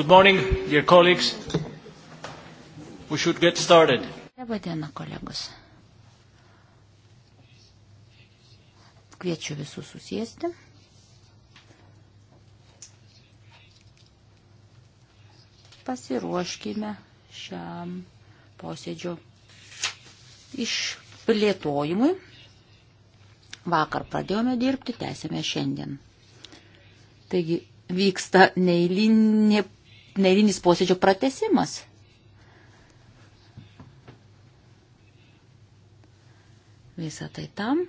Good morning, dear colleagues. We should get started. Labadiena, kolegos. Kviečiu visus susėsti. Pasiruoškime šiam posėdžio išplėtojimui. Vakar pradėjome dirbti, tęsėme šiandien. Taigi vyksta neįlinė neįrinis posėdžio pratesimas. Visą tai tam,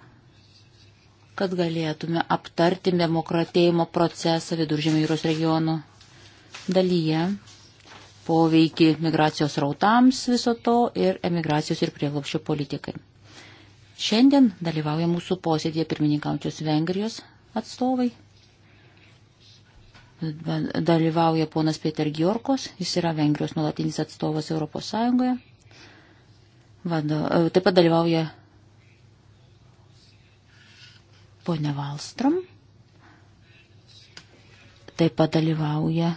kad galėtume aptarti demokratėjimo procesą viduržėmio jūros regiono dalyje, poveikį migracijos rautams viso to ir emigracijos ir prieglopščio politikai. Šiandien dalyvauja mūsų posėdėje pirmininkaučios Vengrijos atstovai, dalyvauja ponas Peter Giorkos, jis yra Vengrijos nuolatinis atstovas Europos Sąjungoje. Vado, e, taip pat dalyvauja ponia Valstram. Taip pat dalyvauja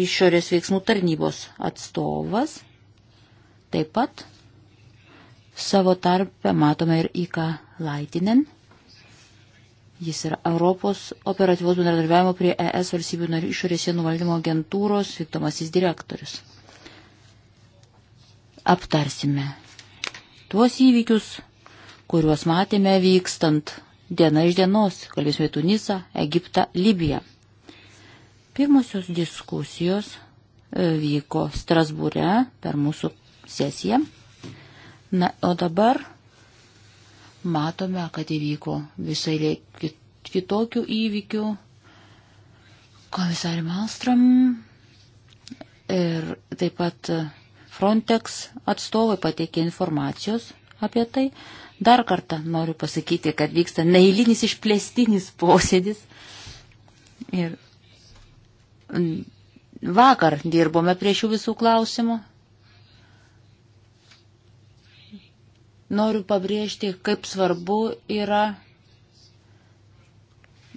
išorės veiksmų tarnybos atstovas. Taip pat savo tarpę matome ir Ika Laitinen Jis yra Europos operatyvos bendradarbiavimo prie ES valstybių narių išorės sienų valdymo agentūros vykdomasis direktorius. Aptarsime tuos įvykius, kuriuos matėme vykstant diena iš dienos, kalbėsime Tunisą, Egiptą, Libiją. Pirmosios diskusijos e, vyko Strasbūre per mūsų sesiją. Na, o dabar matome, kad įvyko visai kitokių įvykių. Komisarė Malstram ir taip pat Frontex atstovai pateikė informacijos apie tai. Dar kartą noriu pasakyti, kad vyksta neįlinis išplėstinis posėdis. Ir vakar dirbome prie šių visų klausimų. noriu pabrėžti, kaip svarbu yra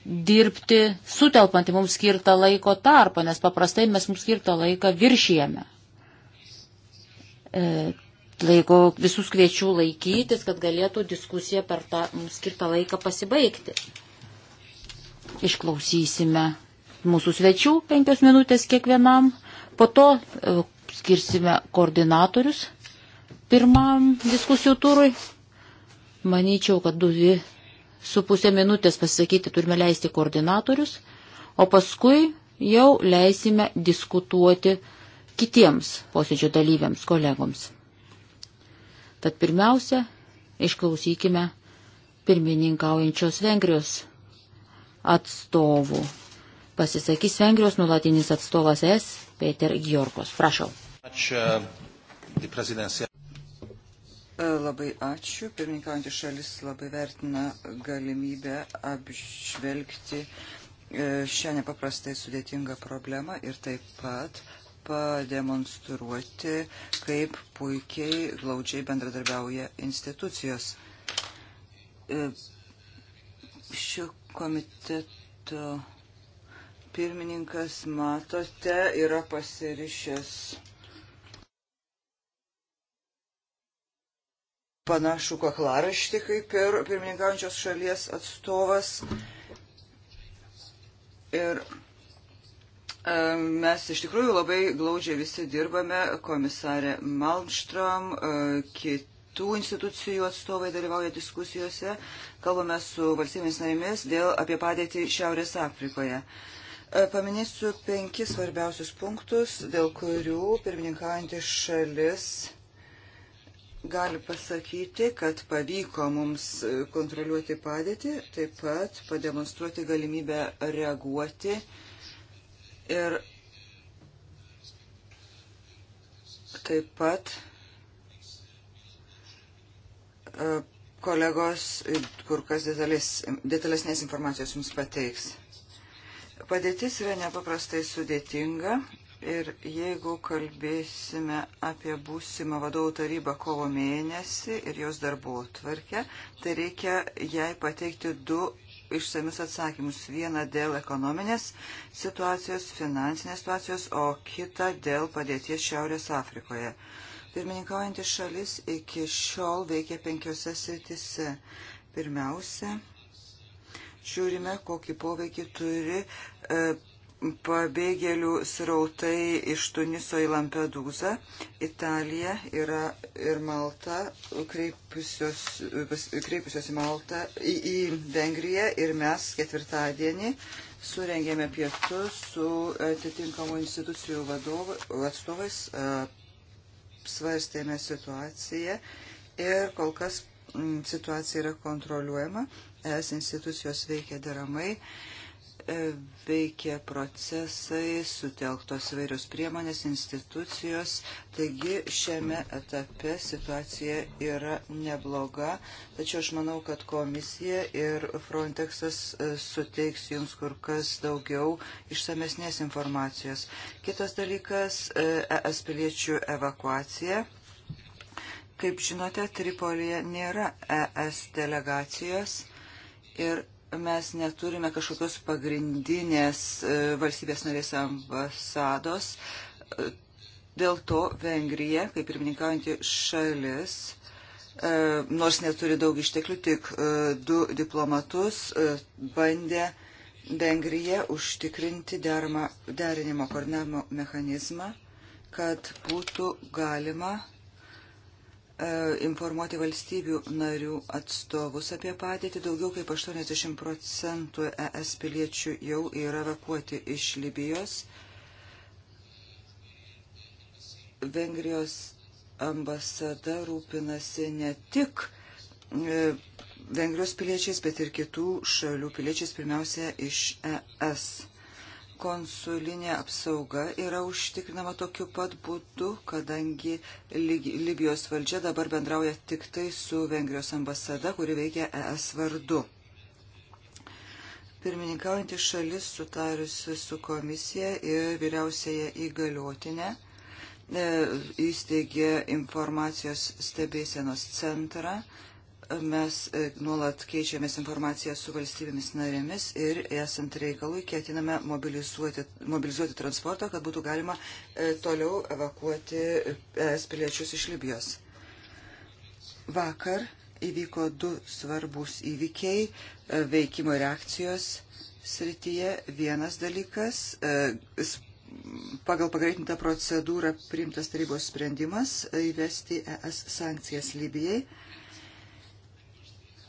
dirbti sutelpant į mums skirtą laiko tarpą, nes paprastai mes mums skirtą laiką viršijame. E, laiko visus kviečių laikytis, kad galėtų diskusija per tą mums skirtą laiką pasibaigti. Išklausysime mūsų svečių penkios minutės kiekvienam, po to e, skirsime koordinatorius pirmam diskusijų turui. Manyčiau, kad du su pusė minutės pasakyti turime leisti koordinatorius, o paskui jau leisime diskutuoti kitiems posėdžio dalyviams, kolegoms. Tad pirmiausia, išklausykime pirmininkaujančios Vengrijos atstovų. Pasisakys Vengrijos nulatinis atstovas S. Peter Giorkos. Prašau. Ačiū. Uh, Labai ačiū. Pirmininkaujantys šalis labai vertina galimybę apžvelgti e, šią nepaprastai sudėtingą problemą ir taip pat pademonstruoti, kaip puikiai glaudžiai bendradarbiauja institucijos. E, šio komiteto pirmininkas, matote, yra pasirišęs panašų kaklaraštį kaip ir pirmininkaujančios šalies atstovas. Ir e, Mes iš tikrųjų labai glaudžiai visi dirbame, komisarė Malmstrom, e, kitų institucijų atstovai dalyvauja diskusijose, kalbame su valstybės narėmis dėl apie padėtį Šiaurės Afrikoje. E, paminėsiu penkis svarbiausius punktus, dėl kurių pirmininkaujantys šalis gali pasakyti, kad pavyko mums e, kontroliuoti padėtį, taip pat pademonstruoti galimybę reaguoti ir taip pat e, kolegos e, kur kas detalės, detalesnės informacijos jums pateiks. Padėtis yra nepaprastai sudėtinga Ir jeigu kalbėsime apie būsimą vadovų tarybą kovo mėnesį ir jos darbo tvarkę, tai reikia jai pateikti du išsamius atsakymus. Vieną dėl ekonominės situacijos, finansinės situacijos, o kitą dėl padėties Šiaurės Afrikoje. Pirmininkaujantis šalis iki šiol veikia penkiose sritise. Pirmiausia, žiūrime, kokį poveikį turi e, pabėgėlių srautai iš Tuniso į Lampedūzą, Italija yra ir Malta, kreipusios, kreipusios į Maltą, į, į Vengriją ir mes ketvirtadienį surengėme pietus su atitinkamų institucijų vadovų, atstovais, svarstėme situaciją ir kol kas situacija yra kontroliuojama, es institucijos veikia deramai. A, veikia procesai, sutelktos vairios priemonės, institucijos. Taigi šiame etape situacija yra nebloga, tačiau aš manau, kad komisija ir Frontexas e, suteiks jums kur kas daugiau išsamesnės informacijos. Kitas dalykas e, - ES piliečių evakuacija. Kaip žinote, Tripolėje nėra ES delegacijos ir mes neturime kažkokios pagrindinės e, valstybės narės ambasados. E, dėl to Vengrija, kaip pirmininkaujanti šalis, e, nors neturi daug išteklių, tik du diplomatus bandė Vengrija užtikrinti deramą, derinimo koordinavimo mechanizmą, kad būtų galima E, informuoti valstybių narių atstovus apie padėtį. Daugiau kaip 80 procentų ES piliečių jau yra evakuoti iš Libijos. Vengrijos ambasada rūpinasi ne tik e, Vengrijos piliečiais, bet ir kitų šalių piliečiais, pirmiausia, iš ES konsulinė apsauga yra užtikrinama tokiu pat būdu, kadangi Libijos valdžia dabar bendrauja tik tai su Vengrijos ambasada, kuri veikia ES vardu. Pirmininkaujantį šalis sutarusi su komisija ir vyriausiaje įgaliotinė e, įsteigė informacijos stebėsienos centrą mes e, nuolat keičiamės informaciją su valstybėmis narėmis ir esant reikalui ketiname mobilizuoti, mobilizuoti transportą, kad būtų galima e, toliau evakuoti es piliečius iš Libijos. Vakar įvyko du svarbus įvykiai e, veikimo reakcijos srityje. Vienas dalykas pagal pagreitintą procedūrą priimtas tarybos sprendimas įvesti ES sankcijas Libijai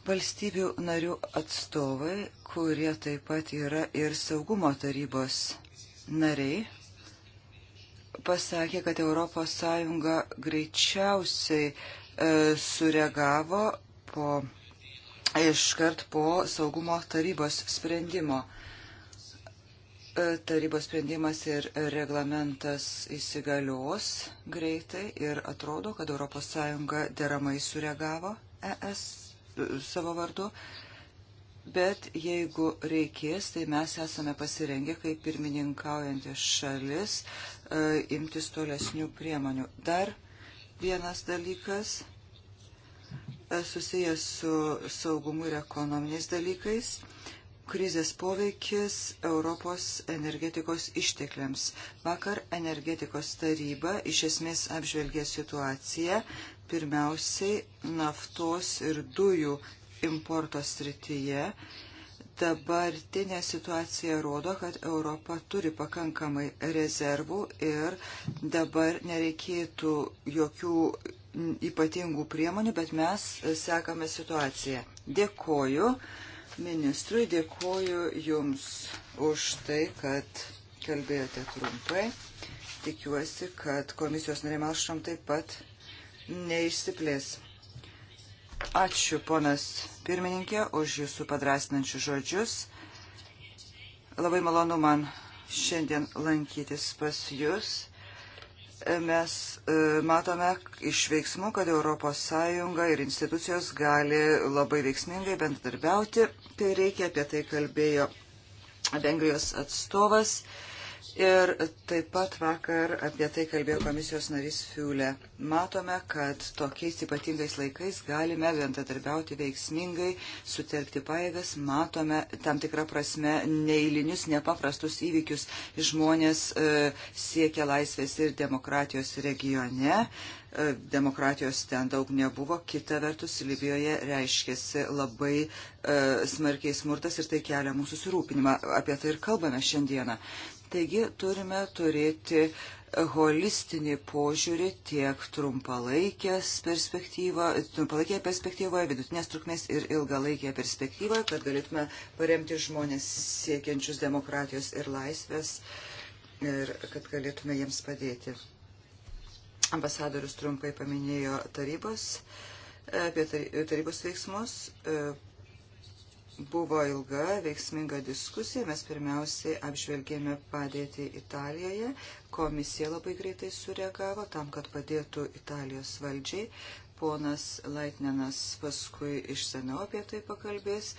valstybių narių atstovai, kurie taip pat yra ir saugumo tarybos nariai, pasakė, kad ES greičiausiai e, sureagavo po, iškart po saugumo tarybos sprendimo. E, tarybos sprendimas ir reglamentas įsigalios greitai ir atrodo, kad ES deramai sureagavo ES savo vardu. Bet jeigu reikės, tai mes esame pasirengę, kaip pirmininkaujantis šalis, e, imtis tolesnių priemonių. Dar vienas dalykas e, susijęs su saugumu ir ekonominiais dalykais krizės poveikis Europos energetikos ištekliams. Vakar energetikos taryba iš esmės apžvelgė situaciją, pirmiausiai naftos ir dujų importo srityje. Dabartinė situacija rodo, kad Europa turi pakankamai rezervų ir dabar nereikėtų jokių ypatingų priemonių, bet mes sekame situaciją. Dėkoju ministrui, dėkoju Jums už tai, kad kalbėjote trumpai. Tikiuosi, kad komisijos narė Malšram taip pat neišsiplės. Ačiū, ponas pirmininkė, už jūsų padrasnančius žodžius. Labai malonu man šiandien lankytis pas jūs. Mes e, matome iš veiksmų, kad ES ir institucijos gali labai veiksmingai bendradarbiauti, kai reikia, apie tai kalbėjo Vengrijos atstovas. Ir taip pat vakar apie tai kalbėjo komisijos narys Fiulė. Matome, kad tokiais ypatingais laikais galime bendradarbiauti veiksmingai, sutelkti paėgas, matome tam tikrą prasme neįlinius, nepaprastus įvykius. Žmonės e, siekia laisvės ir demokratijos regione. E, demokratijos ten daug nebuvo. Kita vertus, Libijoje reiškėsi labai e, smarkiai smurtas ir tai kelia mūsų susirūpinimą. Apie tai ir kalbame šiandieną. Taigi turime turėti holistinį požiūrį tiek trumpalaikės perspektyvoje, trumpalaikėje perspektyvoje, vidutinės trukmės ir ilgalaikėje perspektyvoje, kad galėtume paremti žmonės siekiančius demokratijos ir laisvės ir kad galėtume jiems padėti. Ambasadorius trumpai paminėjo tarybos apie tarybos veiksmus. E, buvo ilga, veiksminga diskusija. Mes pirmiausiai apžvelgėme padėtį Italijoje. Komisija labai greitai sureagavo tam, kad padėtų Italijos valdžiai. Ponas Laitnenas paskui išsameu apie tai pakalbės,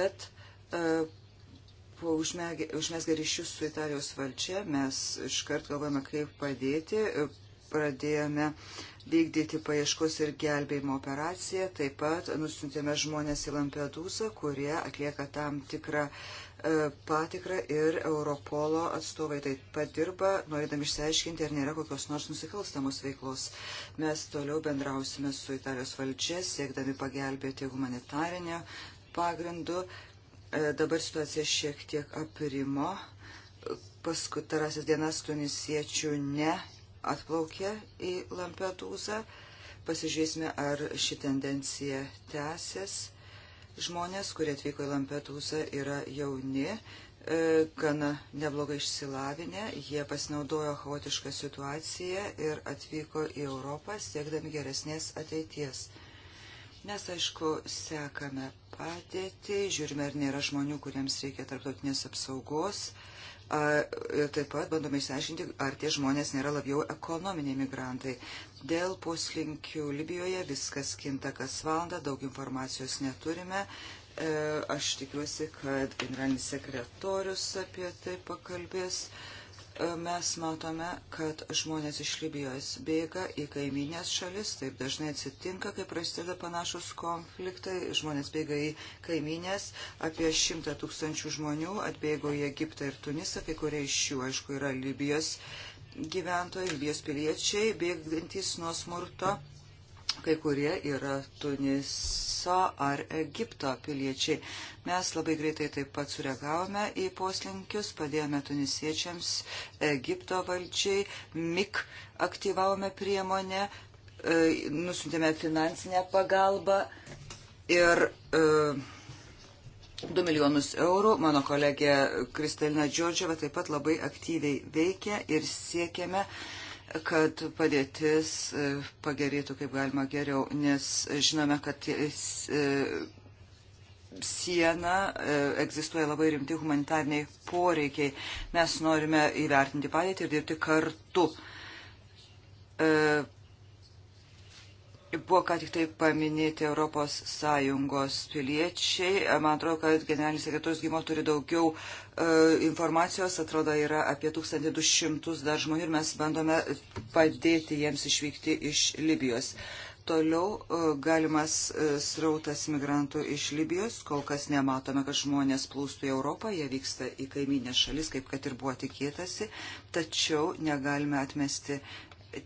bet uh, e, užmesgę ryšius su Italijos valdžia mes iškart galvojame, kaip padėti. Uh, pradėjome vykdyti paieškos ir gelbėjimo operaciją. Taip pat nusintėme žmonės į Lampedusą, kurie atlieka tam tikrą e, patikrą ir Europolo atstovai taip pat dirba, norėdami išsiaiškinti, ar nėra kokios nors nusikalstamos veiklos. Mes toliau bendrausime su Italijos valdžia, siekdami pagelbėti humanitarinio pagrindu. E, dabar situacija šiek tiek aprimo. Paskutarasis dienas tunisiečių ne atplaukė į Lampedūzą. Pasižiūrėsime, ar ši tendencija tęsis. Žmonės, kurie atvyko į Lampedūzą, yra jauni, e, gana neblogai išsilavinę. Jie pasinaudojo chaotišką situaciją ir atvyko į Europą siekdami geresnės ateities. Mes, aišku, sekame padėtį, žiūrime, ar nėra žmonių, kuriems reikia tarptautinės apsaugos. Ir taip pat bandome išsiaiškinti, ar tie žmonės nėra labiau ekonominiai migrantai. Dėl poslinkių Libijoje viskas kinta kas valandą, daug informacijos neturime. E, aš tikiuosi, kad generalinis sekretorius apie tai pakalbės mes matome, kad žmonės iš Libijos bėga į kaiminės šalis, taip dažnai atsitinka, kai prasideda panašus konfliktai, žmonės bėga į kaiminės, apie šimtą tūkstančių žmonių atbėgo į Egiptą ir Tunisą, kai kurie iš jų, aišku, yra Libijos gyventojai, Libijos piliečiai, bėgantys nuo smurto kai kurie yra Tuniso ar Egipto piliečiai. Mes labai greitai taip pat sureagavome į poslinkius, padėjome tunisiečiams, Egipto valdžiai, MIK aktyvavome priemonę, e, nusintėme finansinę pagalbą ir 2 e, milijonus eurų. Mano kolegė Kristalina Džordžiava taip pat labai aktyviai veikia ir siekiame uh, kad padėtis e, pagerėtų kaip galima geriau, nes žinome, kad e, siena e, egzistuoja labai rimti humanitarniai poreikiai. Mes norime įvertinti padėtį ir dirbti kartu. Buvo ką tik tai paminėti Europos Sąjungos piliečiai. Man atrodo, kad generalinis sekretorius Gimo turi daugiau e, informacijos. Atrodo, yra apie 1200 dar žmonių ir mes bandome padėti jiems išvykti iš Libijos. Toliau e, galimas e, srautas migrantų iš Libijos. Kol kas nematome, kad žmonės plūstų į Europą. Jie vyksta į kaiminę šalis, kaip kad ir buvo tikėtasi. Tačiau negalime atmesti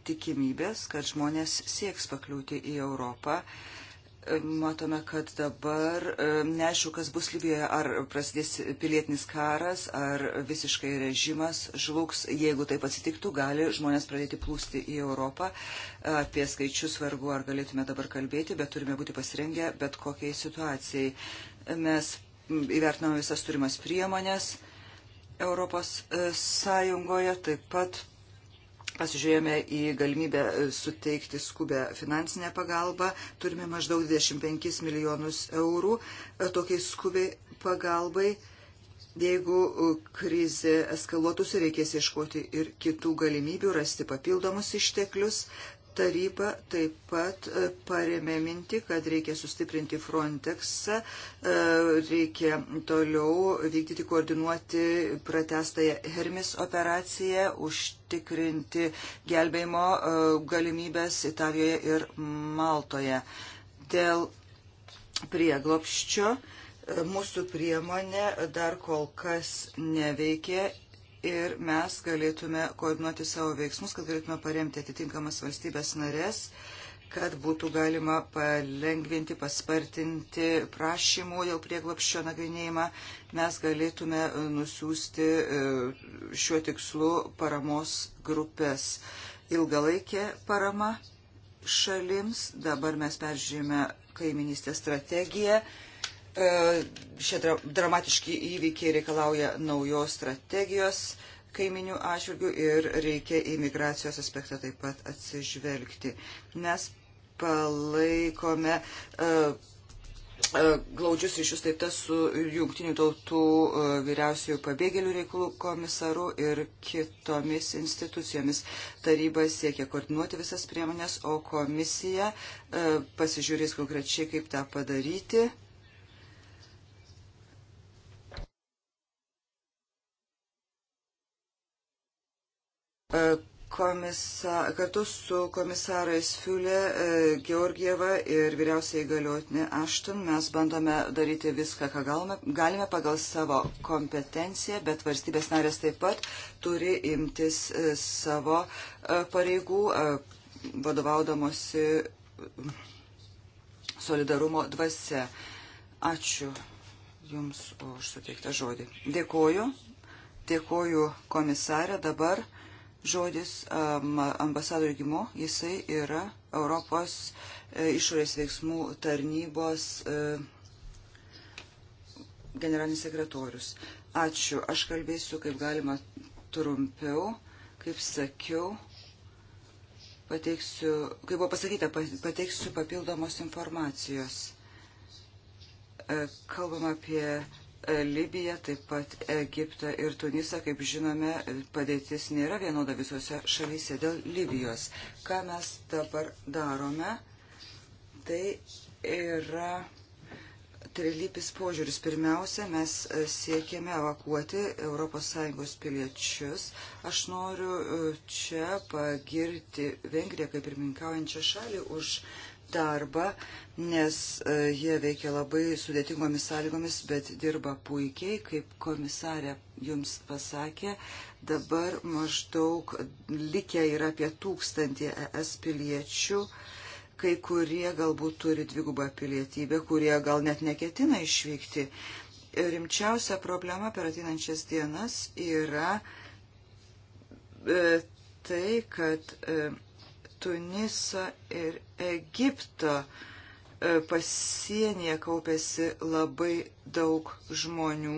tikimybės, kad žmonės sieks pakliūti į Europą. Matome, kad dabar e, neaišku, kas bus Libijoje, ar prasidės pilietinis karas, ar visiškai režimas žlugs. Jeigu taip atsitiktų, gali žmonės pradėti plūsti į Europą. E, Apie skaičius vargu, ar galėtume dabar kalbėti, bet turime būti pasirengę bet kokiai situacijai. Mes įvertiname visas turimas priemonės Europos e, Sąjungoje, taip pat Pasižiūrėjome į galimybę suteikti skubę finansinę pagalbą. Turime maždaug 25 milijonus eurų e, tokiai skubiai pagalbai. Jeigu e, krizė eskaluotųsi, reikės ieškoti ir kitų galimybių, rasti papildomus išteklius. Taryba taip pat e, paremė mintį, kad reikia sustiprinti Frontexą, e, reikia toliau vykdyti, koordinuoti pratestąją Hermis operaciją, užtikrinti gelbėjimo e, galimybės Italijoje ir Maltoje. Dėl prieglopščio mūsų priemonė dar kol kas neveikia ir mes galėtume koordinuoti savo veiksmus, kad galėtume paremti atitinkamas valstybės narės, kad būtų galima palengvinti, paspartinti prašymų dėl prieglopščio nagrinėjimą. Mes galėtume e, nusiųsti e, šiuo tikslu paramos grupės. Ilgalaikė parama šalims, dabar mes peržiūrėjome kaiminystės strategiją E, šie dramatiški įvykiai reikalauja naujos strategijos kaiminių atžvilgių ir reikia imigracijos aspektą taip pat atsižvelgti. Mes palaikome uh, uh, glaudžius ryšius taip tas su jungtinių tautų uh, vyriausiųjų pabėgėlių reikalų komisaru ir kitomis institucijomis. Taryba siekia koordinuoti visas priemonės, o komisija pasižiūrės konkrečiai, kaip tą padaryti E, komisa, kartu su komisarais Fiulė, e, Georgieva ir vyriausiai galiotinė Ašton mes bandome daryti viską, ką galime, galime pagal savo kompetenciją, bet valstybės narės taip pat turi imtis e, savo pareigų vadovaudamosi solidarumo dvasia. Ačiū Jums už suteiktą žodį. Dėkoju. Dėkoju komisarė. Dabar žodis ambasadorių gimo, jisai yra Europos e, išorės veiksmų tarnybos e, generalinis sekretorius. Ačiū, aš kalbėsiu kaip galima trumpiau, kaip sakiau, pateiksiu, kaip buvo pasakyta, pateiksiu papildomos informacijos. E, kalbam apie Libiją, taip pat Egiptą ir Tunisą, kaip žinome, padėtis nėra vienoda visose šalyse dėl Libijos. Ką mes dabar darome, tai yra trilypis požiūris. Pirmiausia, mes siekėme evakuoti ES piliečius. Aš noriu e, čia pagirti Vengriją kaip pirmininkaujančią šalį už darbą, nes e, jie veikia labai sudėtingomis sąlygomis, bet dirba puikiai, kaip komisarė jums pasakė. Dabar maždaug likę yra apie tūkstantį ES piliečių, kai kurie galbūt turi dvigubą pilietybę, kurie gal net neketina išvykti. Rimčiausia problema per ateinančias dienas yra e, tai, kad e, Tuniso ir Egipto e, pasienyje kaupėsi labai daug žmonių.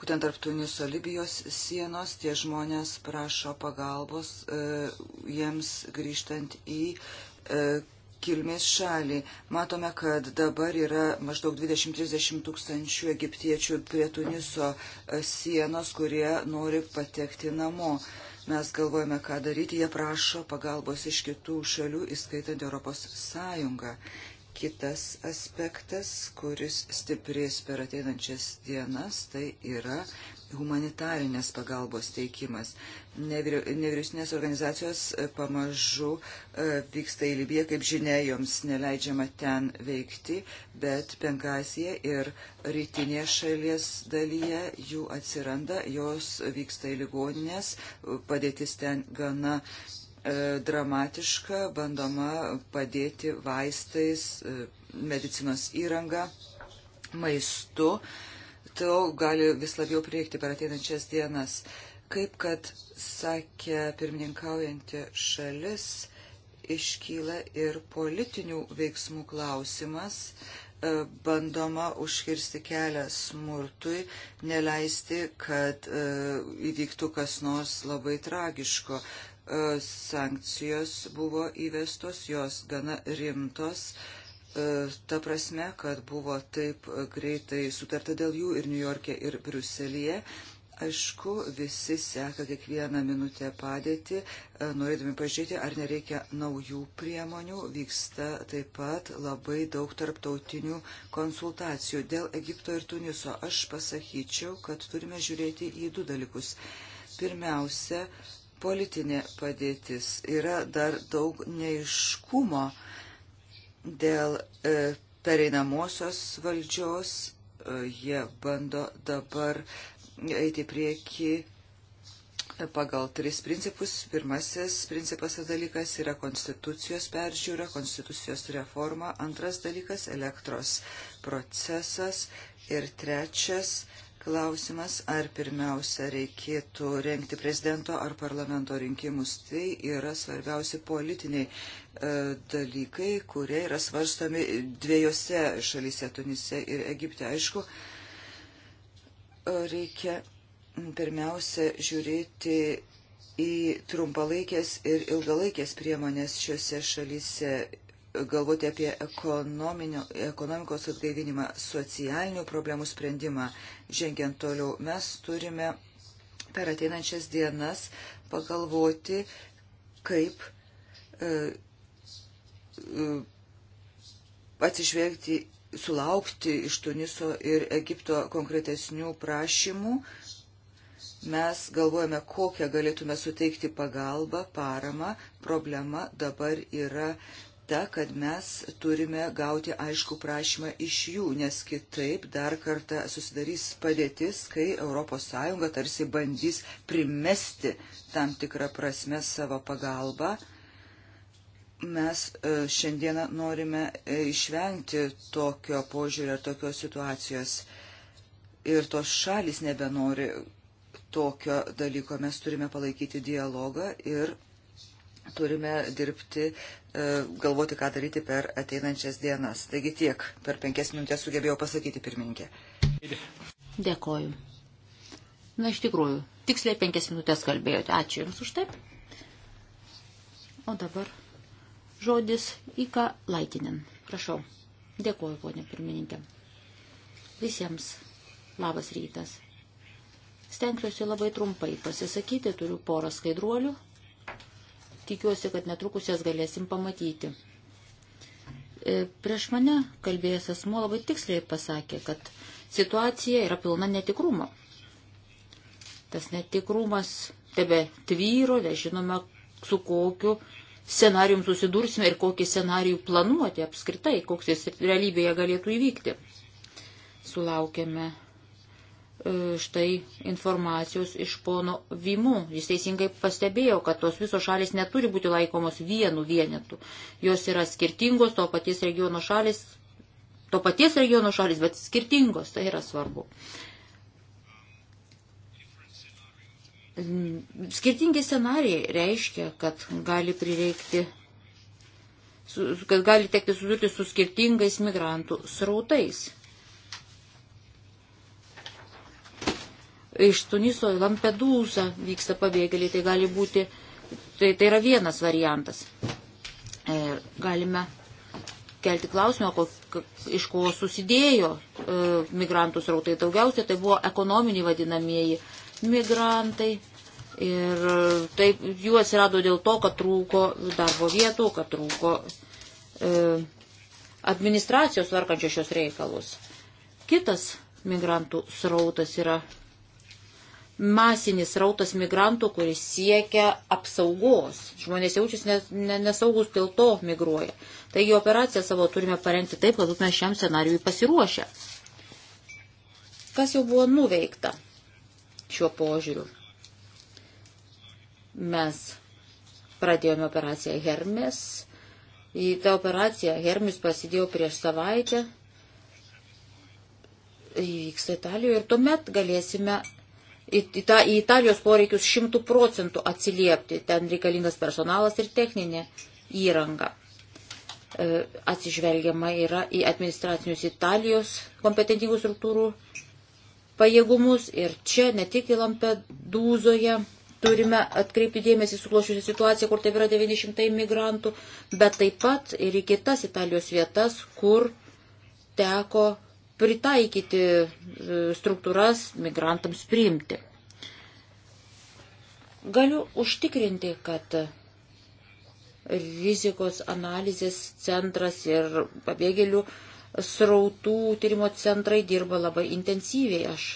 Būtent tarp Tuniso Libijos sienos tie žmonės prašo pagalbos e, jiems grįžtant į e, kilmės šalį. Matome, kad dabar yra maždaug 20-30 tūkstančių egiptiečių prie Tuniso e, sienos, kurie nori patekti namo. E, Mes galvojame, ką daryti, jie prašo pagalbos iš kitų šalių, įskaitant Europos Sąjungą kitas aspektas, kuris stiprės per ateinančias dienas, tai yra humanitarinės pagalbos teikimas. Nevyriausinės organizacijos e, pamažu e, vyksta į Libiją, kaip žinia, joms neleidžiama ten veikti, bet Penkasija ir rytinė šalies dalyje jų atsiranda, jos vyksta į ligoninės, padėtis ten gana E, dramatiška, bandoma padėti vaistais, e, medicinos įranga, maistu. To gali vis labiau priekti per ateinančias dienas. Kaip kad sakė pirmininkaujanti šalis, iškyla ir politinių veiksmų klausimas, e, bandoma užkirsti kelią smurtui, neleisti, kad įvyktų kas nors labai tragiško. E, sankcijos buvo įvestos, jos gana rimtos, e, ta prasme, kad buvo taip greitai sutarta dėl jų ir New York'e, ir Bruselėje. Aišku, visi seka kiekvieną minutę padėti, e, norėdami pažiūrėti, ar nereikia naujų priemonių. Vyksta taip pat labai daug tarptautinių konsultacijų. Dėl Egipto ir Tuniso aš pasakyčiau, kad turime žiūrėti į du dalykus. Pirmiausia, politinė padėtis. Yra dar daug neiškumo dėl e, pereinamosios valdžios. E, jie bando dabar eiti prieki e, pagal tris principus. Pirmasis principas ir dalykas yra konstitucijos peržiūra, konstitucijos reforma. Antras dalykas - elektros procesas. Ir trečias Klausimas, ar pirmiausia reikėtų renkti prezidento ar parlamento rinkimus, tai yra svarbiausi politiniai e, dalykai, kurie yra svarstomi dviejose šalyse, Tunise ir Egipte. Aišku, e, reikia pirmiausia žiūrėti į trumpalaikės ir ilgalaikės priemonės šiuose šalyse galvoti apie ekonomikos atgaivinimą, socialinių problemų sprendimą. Žengiant toliau, mes turime per ateinančias dienas pagalvoti, kaip e, e, atsižvelgti, sulaukti iš Tuniso ir Egipto konkretesnių prašymų. Mes galvojame, kokią galėtume suteikti pagalbą, paramą. Problema dabar yra ta, kad mes turime gauti aišku prašymą iš jų, nes kitaip dar kartą susidarys padėtis, kai ES tarsi bandys primesti tam tikrą prasme savo pagalbą. Mes e, šiandieną norime e, išvengti tokio požiūrio, tokios situacijos. Ir tos šalis nebenori tokio dalyko. Mes turime palaikyti dialogą ir turime dirbti, e, galvoti, ką daryti per ateinančias dienas. Taigi tiek per penkias minutės sugebėjau pasakyti pirmininkė. Dėkoju. Na, iš tikrųjų, tiksliai penkias minutės kalbėjote. Ačiū Jums už tai. O dabar žodis Ika Laitinin. Prašau. Dėkoju, ponė pirmininkė. Visiems labas rytas. Stengsiuosi labai trumpai pasisakyti, turiu porą skaidruolių tikiuosi, kad netrukus jas galėsim pamatyti. E, prieš mane kalbėjęs asmo labai tiksliai pasakė, kad situacija yra pilna netikrumo. Tas netikrumas tebe tvyro, nežinome, su kokiu scenarijum susidursime ir kokį scenarijų planuoti apskritai, koks jis realybėje galėtų įvykti. Sulaukėme E, štai informacijos iš pono Vimų. Jis teisingai pastebėjo, kad tos visos šalis neturi būti laikomos vienu vienetu. Jos yra skirtingos, to paties regiono šalis, to paties regiono šalis, bet skirtingos, tai yra svarbu. Skirtingi scenarijai reiškia, kad gali prireikti kad gali tekti sudurti su skirtingais migrantų srautais iš Tuniso į Lampedūzą vyksta pabėgėliai, tai gali būti, tai, tai yra vienas variantas. E, galime kelti klausimą, ko, iš ko susidėjo e, migrantų srautai. Daugiausia tai buvo ekonominiai vadinamieji migrantai. Ir taip jų atsirado dėl to, kad trūko darbo vietų, kad trūko e, administracijos varkančios šios reikalus. Kitas migrantų srautas yra masinis rautas migrantų, kuris siekia apsaugos. Žmonės jaučiasi nes, ne, nesaugus, dėl to migruoja. Taigi operaciją savo turime parengti taip, kad būtume šiam scenariui pasiruošę. Kas jau buvo nuveikta šiuo požiūriu? Mes pradėjome operaciją Hermes. Į tą operaciją Hermes prasidėjo prieš savaitę. Įvyksta Italijoje ir tuomet galėsime į, į, tą, į Italijos poreikius šimtų procentų atsiliepti. Ten reikalingas personalas ir techninė įranga. E, atsižvelgiama yra į administracinius Italijos kompetentingų struktūrų pajėgumus ir čia ne tik į Lampedūzoje turime atkreipti dėmesį suklošiusią situaciją, kur tai yra 900 imigrantų, bet taip pat ir į kitas Italijos vietas, kur teko pritaikyti e, struktūras migrantams priimti. Galiu užtikrinti, kad rizikos analizės centras ir pabėgėlių srautų tyrimo centrai dirba labai intensyviai. Aš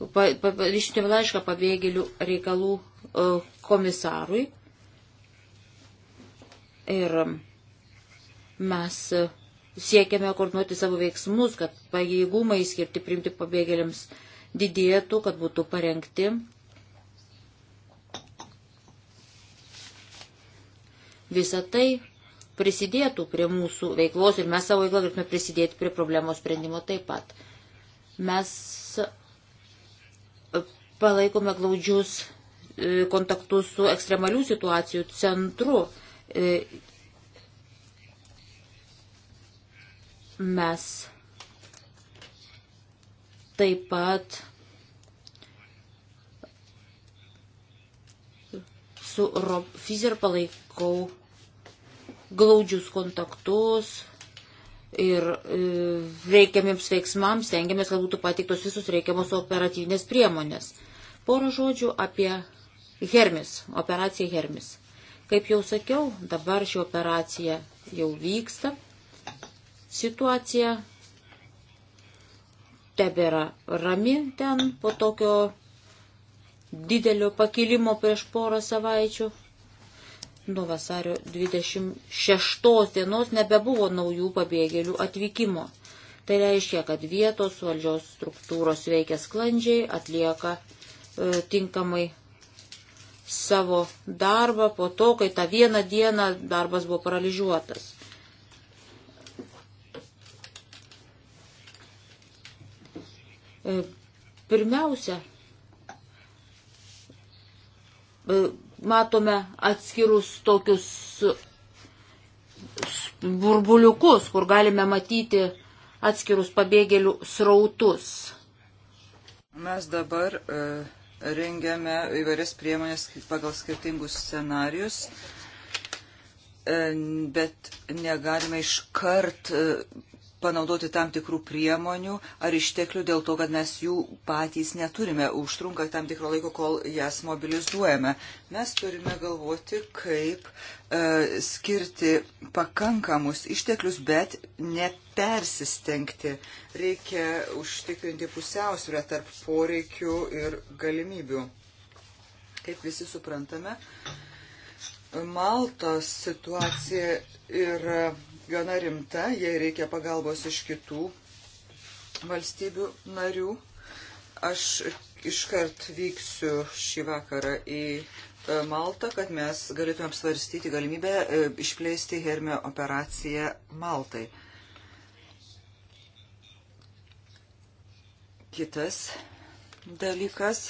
išsiuntėme laišką pabėgėlių reikalų e, komisarui ir Mes siekiame koordinuoti savo veiksmus, kad pajėgumai skirti priimti pabėgėliams didėtų, kad būtų parengti. Visą tai prisidėtų prie mūsų veiklos ir mes savo veiklą galėtume prisidėti prie problemos sprendimo taip pat. Mes palaikome glaudžius e, kontaktus su ekstremalių situacijų centru e, Mes taip pat su Rob Fizer palaikau glaudžius kontaktus ir reikiamiems e, veiksmams stengiamės, kad būtų patiktos visus reikiamos operatyvinės priemonės. Porą žodžių apie Hermis, operaciją Hermis. Kaip jau sakiau, dabar ši operacija jau vyksta situacija tebėra rami ten po tokio didelio pakilimo prieš porą savaičių. Nuo vasario 26 dienos nebebuvo naujų pabėgėlių atvykimo. Tai reiškia, kad vietos valdžios struktūros veikia sklandžiai, atlieka e, tinkamai savo darbą po to, kai tą vieną dieną darbas buvo paralyžiuotas. E, pirmiausia, e, matome atskirus tokius burbuliukus, kur galime matyti atskirus pabėgėlių srautus. Mes dabar e, rengiame įvairias priemonės pagal skirtingus scenarius, e, bet negalime iškart e, panaudoti tam tikrų priemonių ar išteklių dėl to, kad mes jų patys neturime. Užtrunka tam tikro laiko, kol jas mobilizuojame. Mes turime galvoti, kaip e, skirti pakankamus išteklius, bet nepersistengti. Reikia užtikrinti pusiausvyrę tarp poreikių ir galimybių. Kaip visi suprantame, Maltos situacija yra gana rimta, jai reikia pagalbos iš kitų valstybių narių. Aš iškart vyksiu šį vakarą į e, Maltą, kad mes galėtume apsvarstyti galimybę e, išplėsti Hermio operaciją Maltai. Kitas dalykas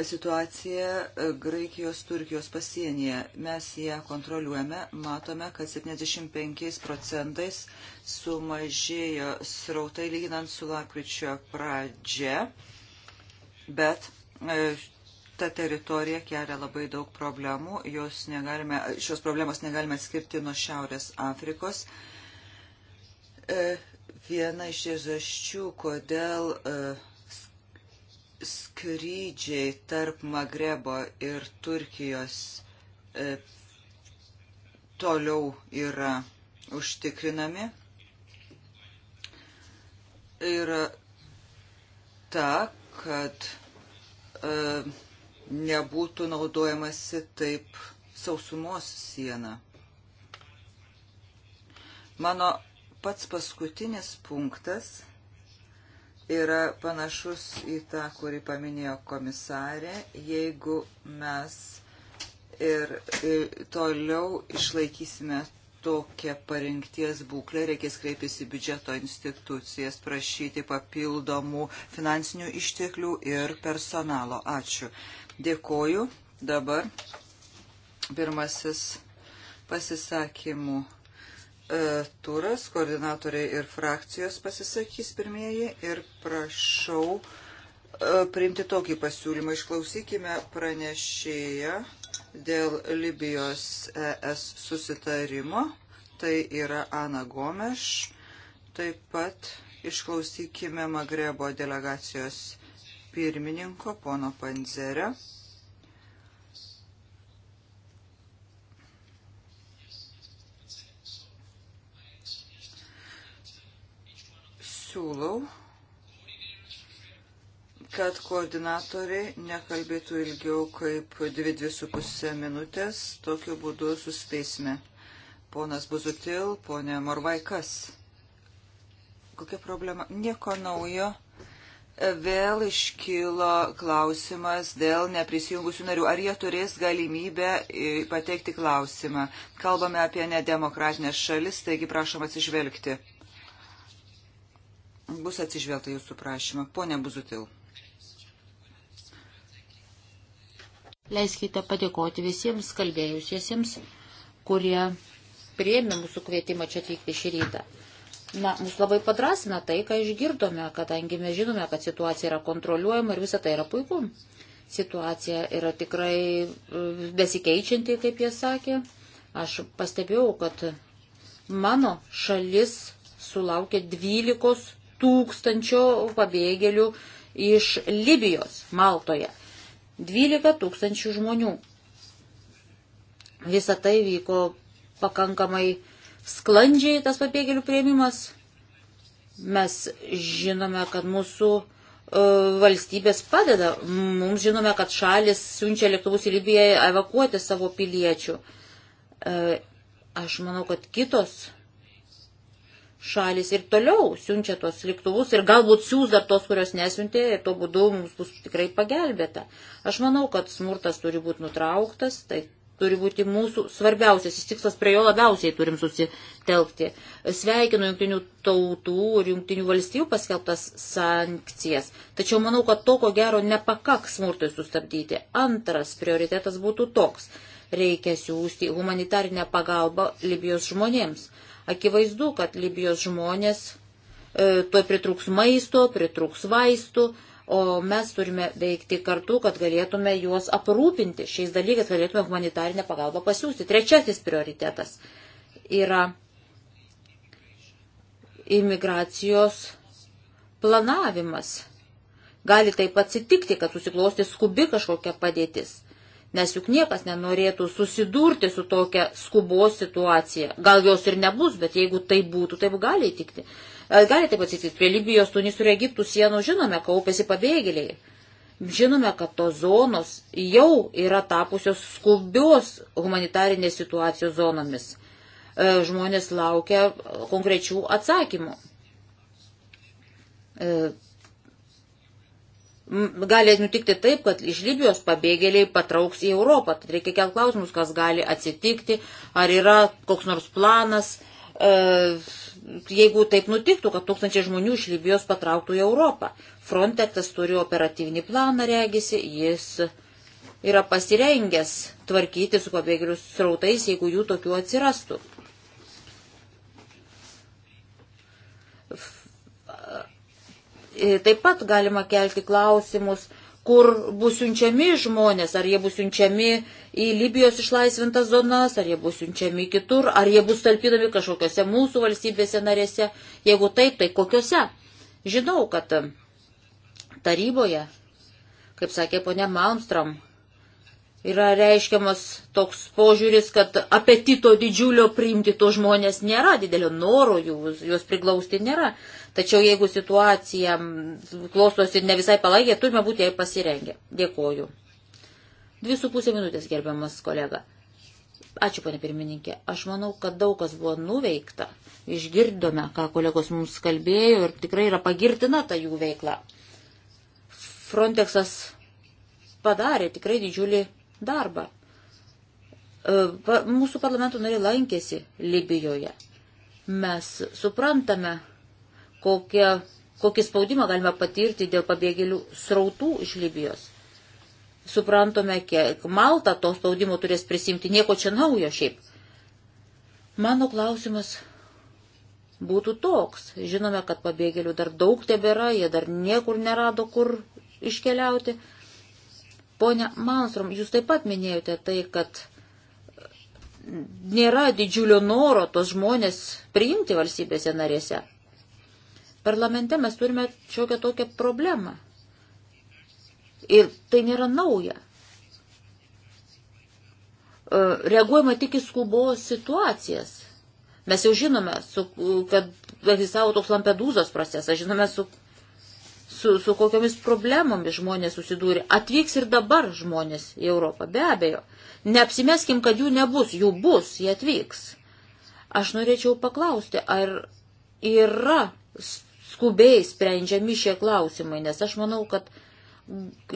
situacija e, Graikijos-Turkijos pasienyje. Mes ją kontroliuojame, matome, kad 75 procentais sumažėjo srautai lyginant su lapkričio pradžia, bet e, ta teritorija kelia labai daug problemų, Jos negalime, šios problemos negalime atskirti nuo Šiaurės Afrikos. E, viena iš priežasčių, kodėl uh, skrydžiai tarp Magrebo ir Turkijos e, toliau yra užtikrinami. Yra ta, kad e, nebūtų naudojamasi taip sausumos siena. Mano pats paskutinis punktas – yra panašus į tą, kurį paminėjo komisarė. Jeigu mes ir, ir toliau išlaikysime tokią parinkties būklę, reikės kreiptis į biudžeto institucijas, prašyti papildomų finansinių išteklių ir personalo. Ačiū. Dėkoju. Dabar pirmasis pasisakymų E, turas, koordinatoriai ir frakcijos pasisakys pirmieji ir prašau e, priimti tokį pasiūlymą. Išklausykime pranešėją dėl Libijos ES susitarimo. Tai yra Ana Gomeš. Taip pat išklausykime Magrebo delegacijos pirmininko, pono Panzerio. siūlau, kad koordinatoriai nekalbėtų ilgiau kaip 2-2,5 minutės. Tokiu būdu suspėsime. Ponas Buzutil, ponė Morvai, kas? Kokia problema? Nieko naujo. Vėl iškilo klausimas dėl neprisijungusių narių. Ar jie turės galimybę e, pateikti klausimą? Kalbame apie nedemokratinės šalis, taigi prašom atsižvelgti. Bus atsižvelgta jūsų prašymą. Pone Buzutil. Leiskite padėkoti visiems kalbėjusiesiems, kurie priėmė mūsų kvietimą čia atvykti šį rytą. Na, mus labai padrasina tai, ką išgirdome, kadangi mes žinome, kad situacija yra kontroliuojama ir visa tai yra puiku. Situacija yra tikrai e, besikeičianti, kaip jie sakė. Aš pastebėjau, kad mano šalis sulaukė 12 tūkstančio pabėgėlių iš Libijos Maltoje. 12 tūkstančių žmonių. Visa tai vyko pakankamai sklandžiai tas pabėgėlių prieimimas. Mes žinome, kad mūsų e, valstybės padeda. Mums žinome, kad šalis siunčia lėktuvus į Libiją evakuoti savo piliečių. E, aš manau, kad kitos šalis ir toliau siunčia tos lėktuvus ir galbūt siūs dar tos, kurios nesiuntė ir tuo būdu mums bus tikrai pagelbėta. Aš manau, kad smurtas turi būti nutrauktas, tai turi būti mūsų svarbiausias tikslas, prie jo labiausiai turim susitelkti. Sveikinu jungtinių tautų ir jungtinių valstybių paskelbtas sankcijas, tačiau manau, kad to ko gero nepakaks smurtui sustabdyti. Antras prioritetas būtų toks. Reikia siūsti humanitarinę pagalbą Libijos žmonėms. Akivaizdu, kad Libijos žmonės e, tuo pritruks maisto, pritruks vaistų, o mes turime veikti kartu, kad galėtume juos aprūpinti šiais dalykais, galėtume humanitarinę pagalbą pasiūsti. Trečiasis prioritetas yra imigracijos planavimas. Gali taip atsitikti, kad susiklosti skubi kažkokia padėtis nes juk niekas nenorėtų susidurti su tokia skubos situacija. Gal jos ir nebus, bet jeigu tai būtų, taip gali įtikti. E, gali taip atsitikti. Prie Libijos, Tunisų ir Egiptų sienų žinome, kaupėsi pabėgėliai. Žinome, kad tos zonos jau yra tapusios skubios humanitarinės situacijos zonomis. E, žmonės laukia konkrečių atsakymų e, gali nutikti taip, kad iš Libijos pabėgėliai patrauks į Europą. Tad reikia kelti klausimus, kas gali atsitikti, ar yra koks nors planas, e, jeigu taip nutiktų, kad tūkstančiai žmonių iš Libijos patrauktų į Europą. Frontexas turi operatyvinį planą, regisi, jis yra pasirengęs tvarkyti su pabėgėlių srautais, jeigu jų tokių atsirastų. E, taip pat galima kelti klausimus, kur bus siunčiami žmonės, ar jie bus siunčiami į Libijos išlaisvintas zonas, ar jie bus siunčiami kitur, ar jie bus talpinami kažkokiose mūsų valstybėse narėse. Jeigu taip, tai kokiuose? Žinau, kad taryboje, kaip sakė ponia Malmstrom, yra reiškiamas toks požiūris, kad apetito didžiulio priimti to žmonės nėra, didelio noro juos, juos priglausti nėra. Tačiau jeigu situacija klostosi ne visai palaikė, turime būti jai pasirengę. Dėkoju. Dvi su pusė minutės, gerbiamas kolega. Ačiū, ponė pirmininkė. Aš manau, kad daug kas buvo nuveikta. Išgirdome, ką kolegos mums kalbėjo ir tikrai yra pagirtina ta jų veikla. Frontexas padarė tikrai didžiulį darbą. E, mūsų parlamento nariai lankėsi Libijoje. Mes suprantame, kokią, kokį spaudimą galime patirti dėl pabėgėlių srautų iš Libijos. Suprantame, kiek Malta to spaudimo turės prisimti, nieko čia naujo šiaip. Mano klausimas būtų toks. Žinome, kad pabėgėlių dar daug tebėra, jie dar niekur nerado, kur iškeliauti. Pone Malstrom, jūs taip pat minėjote tai, kad nėra didžiulio noro tos žmonės priimti valstybėse narėse. Parlamente mes turime šiokią tokią problemą. Ir tai nėra nauja. E, reaguojama tik į skubos situacijas. Mes jau žinome, su, kad egzistavo toks Lampedūzos procesas, žinome, su su, su kokiamis problemomis žmonės susidūrė. Atvyks ir dabar žmonės į Europą, be abejo. Neapsimeskim, kad jų nebus, jų bus, jie atvyks. Aš norėčiau paklausti, ar yra skubiai sprendžiami šie klausimai, nes aš manau, kad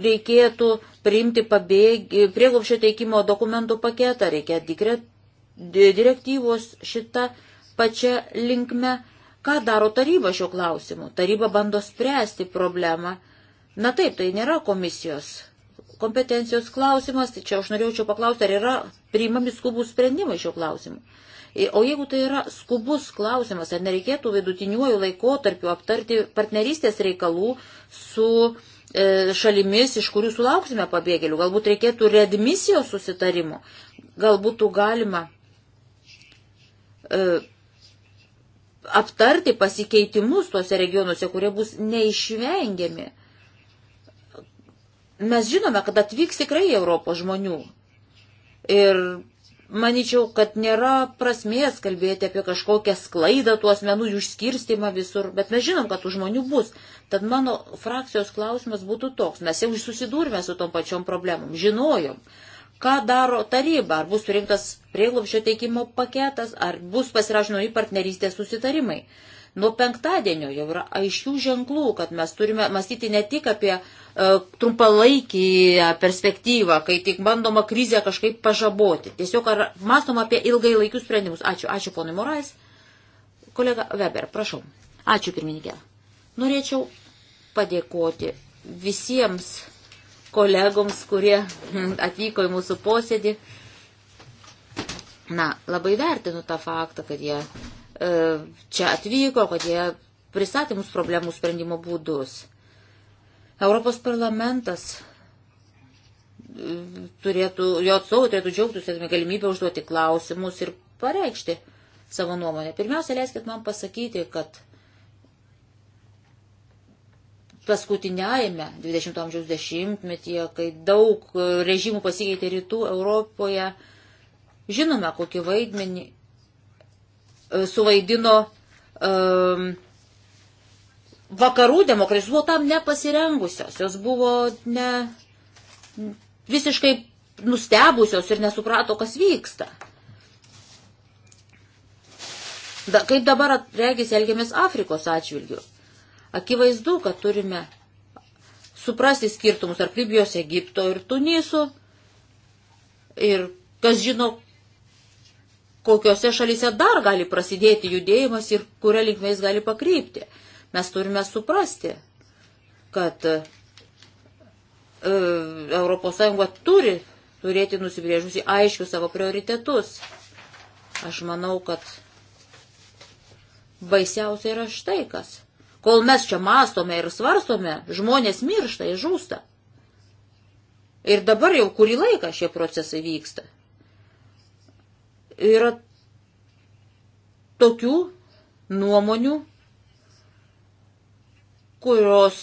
reikėtų priimti pabėgi, prieglopšio teikimo dokumentų paketą, reikia direktyvos šitą pačią linkmę Ką daro taryba šiuo klausimu? Taryba bando spręsti problemą. Na taip, tai nėra komisijos kompetencijos klausimas, tai čia aš norėjau čia paklausti, ar yra priimami skubus sprendimai šiuo klausimu. O jeigu tai yra skubus klausimas, ar nereikėtų vidutiniuoju laikotarpiu aptarti partnerystės reikalų su e, šalimis, iš kurių sulauksime pabėgėlių. Galbūt reikėtų redmisijos susitarimo. Galbūt galima e, aptarti pasikeitimus tuose regionuose, kurie bus neišvengiami. Mes žinome, kad atvyks tikrai Europos žmonių. Ir manyčiau, kad nėra prasmės kalbėti apie kažkokią sklaidą tų asmenų, jų išskirstimą visur, bet mes žinom, kad tų žmonių bus. Tad mano frakcijos klausimas būtų toks. Mes jau susidūrėme su tom pačiom problemom, žinojom, Ką daro taryba? Ar bus surinktas prieglobšio teikimo paketas, ar bus pasirašinami partnerystės susitarimai? Nuo penktadienio jau yra aiškių ženklų, kad mes turime mąstyti ne tik apie e, trumpalaikį perspektyvą, kai tik bandoma krizę kažkaip pažaboti. Tiesiog ar mastom apie ilgai laikius sprendimus. Ačiū, ačiū ponui Morais. Kolega Weber, prašau. Ačiū pirmininkė. Norėčiau padėkoti visiems kolegoms, kurie hm, atvyko į mūsų posėdį. Na, labai vertinu tą faktą, kad jie e, čia atvyko, kad jie pristatė mūsų problemų sprendimo būdus. Europos parlamentas e, turėtų, jo atstovai turėtų džiaugtis, turėtume galimybę užduoti klausimus ir pareikšti savo nuomonę. Pirmiausia, leiskit man pasakyti, kad paskutiniajame 20-ojo amžiaus dešimtmetyje, kai daug režimų pasikeitė rytų Europoje, žinome, kokį vaidmenį e, suvaidino um, vakarų demokratijos, buvo tam nepasirengusios, jos buvo ne, visiškai nustebusios ir nesuprato, kas vyksta. Da, kaip dabar, regis, elgiamės Afrikos atžvilgiu. Akivaizdu, kad turime suprasti skirtumus tarp Libijos, Egipto ir Tuniso. Ir kas žino, kokiuose šalyse dar gali prasidėti judėjimas ir kuria linkme jis gali pakrypti. Mes turime suprasti, kad e, ES turi turėti nusibrėžusi aiškius savo prioritetus. Aš manau, kad baisiausia yra štai kas. Kol mes čia mastome ir svarstome, žmonės miršta ir žūsta. Ir dabar jau kurį laiką šie procesai vyksta. Yra tokių nuomonių, kurios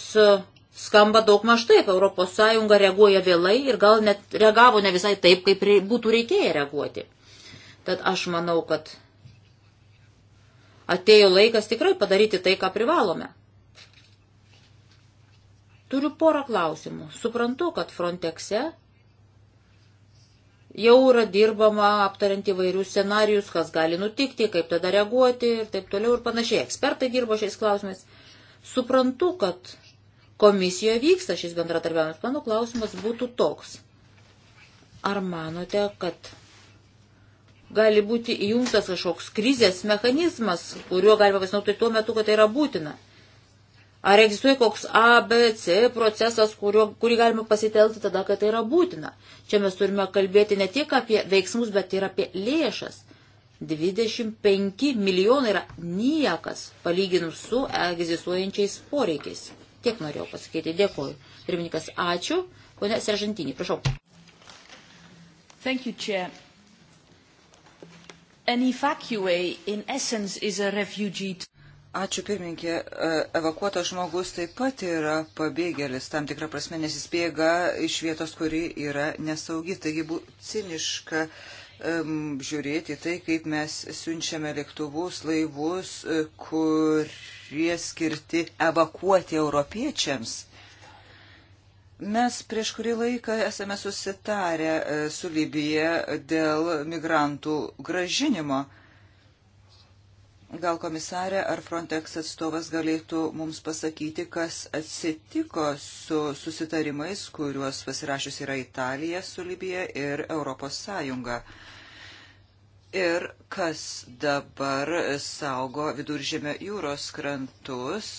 skamba daug maž taip. Europos Sąjunga reaguoja vėlai ir gal net reagavo ne visai taip, kaip būtų reikėję reaguoti. Tad aš manau, kad Atėjo laikas tikrai padaryti tai, ką privalome. Turiu porą klausimų. Suprantu, kad Frontexe jau yra dirbama aptariant įvairius scenarius, kas gali nutikti, kaip tada reaguoti ir taip toliau ir panašiai. Ekspertai dirbo šiais klausimais. Suprantu, kad komisijoje vyksta šis bendradarbiavimas. Mano klausimas būtų toks. Ar manote, kad gali būti įjungtas kažkoks krizės mechanizmas, kuriuo galima pasinaudoti tuo metu, kad tai yra būtina. Ar egzistuoja koks ABC procesas, kurio, kurį galima pasitelti tada, kad tai yra būtina? Čia mes turime kalbėti ne tik apie veiksmus, bet ir apie lėšas. 25 milijonai yra niekas palyginus su egzistuojančiais poreikiais. Tiek norėjau pasakyti. Dėkoju. Pirmininkas, ačiū. Pone Seržantinį, prašau. Thank you, Chair. An evacuee, in essence, is a refugee. Ačiū pirmininkė, e, evakuotas žmogus taip pat yra pabėgėlis, tam tikrą prasme, nes jis bėga iš vietos, kuri yra nesaugi. Taigi būtų ciniška um, žiūrėti tai, kaip mes siunčiame lėktuvus, laivus, e, kurie skirti evakuoti europiečiams. Mes prieš kurį laiką esame susitarę e, su Libija dėl migrantų gražinimo. Gal komisarė ar Frontex atstovas galėtų mums pasakyti, kas atsitiko su susitarimais, kuriuos pasirašius yra Italija su Libija ir Europos Sąjunga. Ir kas dabar saugo viduržėmio jūros krantus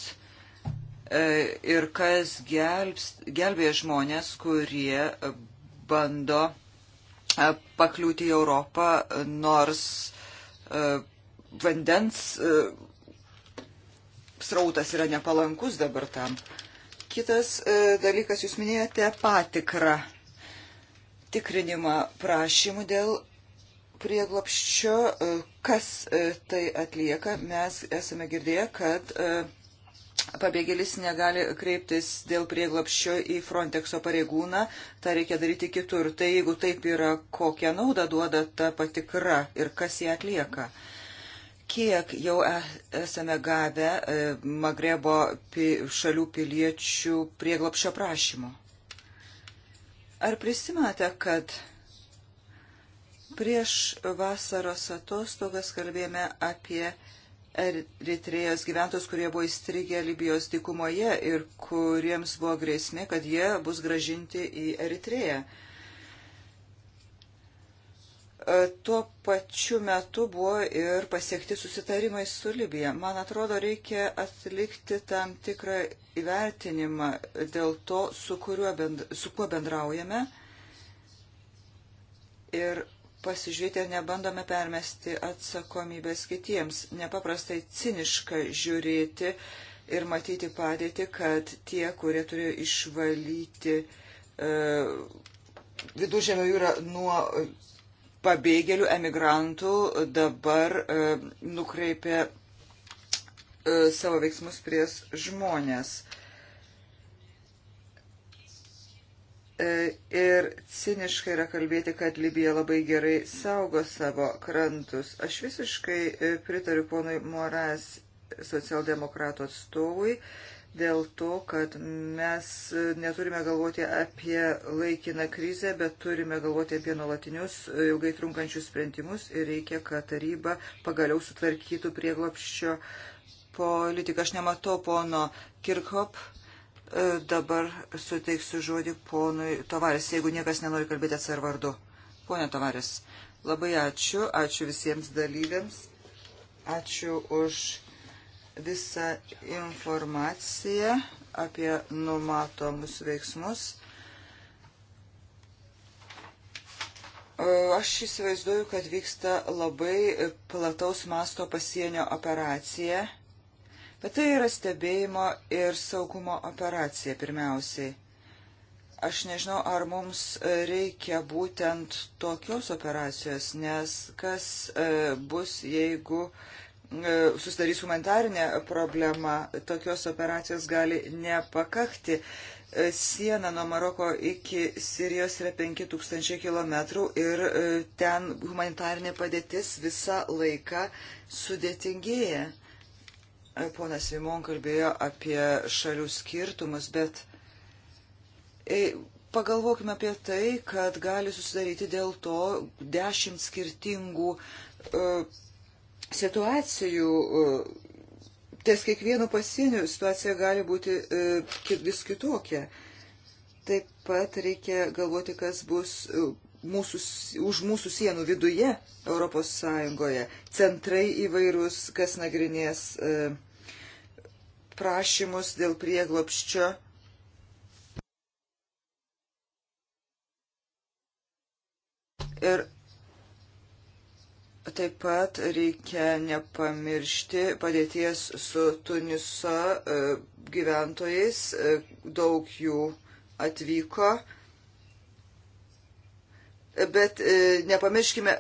E, ir kas gelbs, gelbėja žmonės, kurie bando e, pakliūti į Europą, nors e, vandens srautas yra nepalankus dabar tam. Kitas dalykas, jūs minėjote patikrą, tikrinimą prašymų dėl prieglopščio, kas tai atlieka. Mes esame girdėję, kad pabėgėlis negali kreiptis dėl prieglapščio į Frontexo pareigūną, tą reikia daryti kitur. Tai jeigu taip yra, kokią naudą duoda ta patikra ir kas ją atlieka? Kiek jau esame gavę e, Magrebo šalių piliečių prieglapščio prašymų? Ar prisimate, kad prieš vasaros atostogas kalbėjome apie Eritrėjos gyventojus, kurie buvo įstrigę Libijos dikumoje ir kuriems buvo grėsmė, kad jie bus gražinti į Eritrėją. E, tuo pačiu metu buvo ir pasiekti susitarimai su Libija. Man atrodo, reikia atlikti tam tikrą įvertinimą dėl to, su, bend, su kuo bendraujame ir pasižiūrėti, ar nebandome permesti atsakomybės kitiems. Nepaprastai ciniška žiūrėti ir matyti padėti, kad tie, kurie turėjo išvalyti e, viduržėmio jūrą nuo pabėgėlių, emigrantų, dabar e, nukreipia e, savo veiksmus prieš žmonės. E, ir ciniškai yra kalbėti, kad Libija labai gerai saugo savo krantus. Aš visiškai e, pritariu ponui Moras socialdemokratų atstovui dėl to, kad mes e, neturime galvoti apie laikiną krizę, bet turime galvoti apie nuolatinius ilgai trunkančius sprendimus ir reikia, kad taryba pagaliau sutvarkytų prieglopščio politiką. Aš nematau pono Kirkhop E, dabar suteiksiu žodį ponui Tovarės, jeigu niekas nenori kalbėti atsar vardu. Pone Tovarės, labai ačiū, ačiū visiems dalyviams, ačiū už visą informaciją apie numatomus veiksmus. E, aš įsivaizduoju, kad vyksta labai plataus masto pasienio operacija Bet tai yra stebėjimo ir saugumo operacija pirmiausiai. Aš nežinau, ar mums reikia būtent tokios operacijos, nes kas e, bus, jeigu e, susidarys humanitarinė problema, tokios operacijos gali nepakakti. E, siena nuo Maroko iki Sirijos yra 5000 km ir ten humanitarinė padėtis visą laiką sudėtingėja. Ponas Simon kalbėjo apie šalių skirtumus, bet pagalvokime apie tai, kad gali susidaryti dėl to dešimt skirtingų uh, situacijų. Uh, ties kiekvienu pasieniu situacija gali būti uh, vis kitokia. Taip pat reikia galvoti, kas bus mūsų, už mūsų sienų viduje Europos Sąjungoje, centrai įvairūs, kas nagrinės e, prašymus dėl prieglopščio. Ir Taip pat reikia nepamiršti padėties su Tuniso e, gyventojais, e, daug jų atvyko bet e, nepamirškime,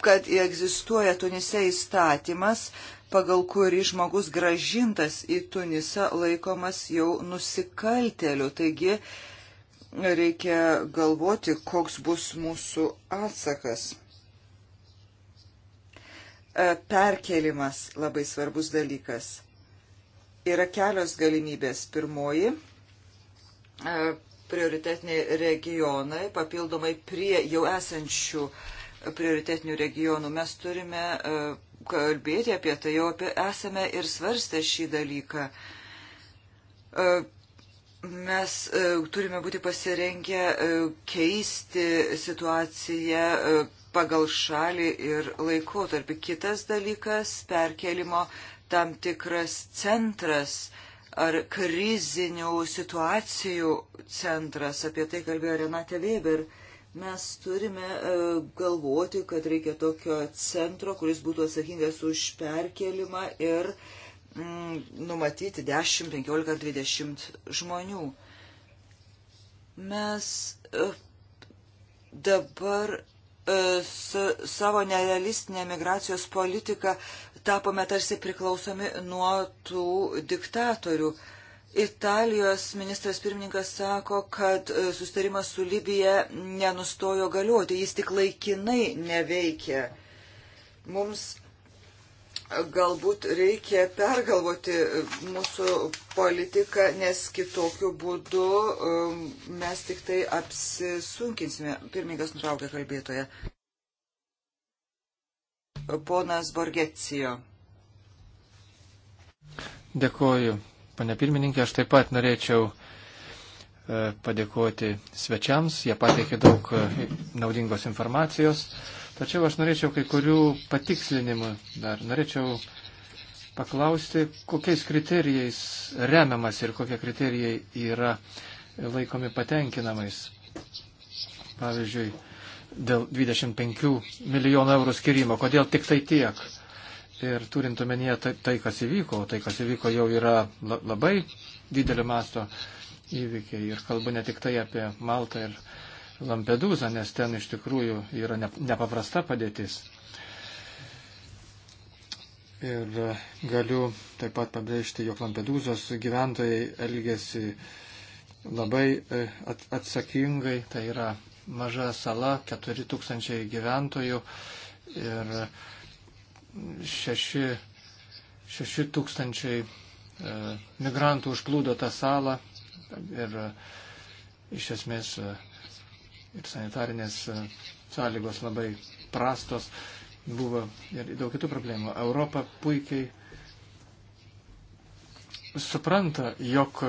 kad egzistuoja Tunise įstatymas, pagal kurį žmogus gražintas į Tunisą laikomas jau nusikalteliu. Taigi reikia galvoti, koks bus mūsų atsakas. E, perkelimas labai svarbus dalykas. Yra kelios galimybės. Pirmoji e, prioritetiniai regionai papildomai prie jau esančių prioritetinių regionų. Mes turime e, kalbėti apie tai, jau apie, esame ir svarstę šį dalyką. E, mes e, turime būti pasirengę keisti situaciją pagal šalį ir laikotarpį. Kitas dalykas - perkelimo tam tikras centras ar krizinių situacijų centras, apie tai kalbėjo Renate Weber. Mes turime e, galvoti, kad reikia tokio centro, kuris būtų atsakingas už perkelimą ir mm, numatyti 10, 15 ar 20 žmonių. Mes e, dabar e, su savo nerealistinė migracijos politika tapome tarsi priklausomi nuo tų diktatorių. Italijos ministras pirmininkas sako, kad e, sustarimas su Libija nenustojo galioti, jis tik laikinai neveikia. Mums e, galbūt reikia pergalvoti e, mūsų politiką, nes kitokiu būdu mes tik tai apsisunkinsime. Pirmininkas nutraukė kalbėtoje. Ponas Borgecijo. Dėkuoju, pane pirmininkė, aš taip pat norėčiau e, padėkoti svečiams, jie pateikė daug e, naudingos informacijos, tačiau aš norėčiau kai kurių patikslinimų dar. Norėčiau paklausti, kokiais kriterijais remiamas ir kokie kriterijai yra laikomi patenkinamais. Pavyzdžiui, dėl 25 milijonų eurų skirimo. Kodėl tik tai tiek? Ir turint omenyje tai, tai, kas įvyko, tai, kas įvyko, jau yra labai didelio masto įvykiai. Ir kalbu ne tik tai apie Maltą ir Lampedūzą, nes ten iš tikrųjų yra nepaprasta padėtis. Ir galiu taip pat pabrėžti, jog Lampedūzos gyventojai elgesi labai e, atsakingai, tai yra maža sala, 4000 gyventojų ir 6000 e, migrantų užplūdo tą salą ir e, iš esmės e, ir sanitarinės sąlygos labai prastos buvo ir daug kitų problemų. Europa puikiai supranta, jog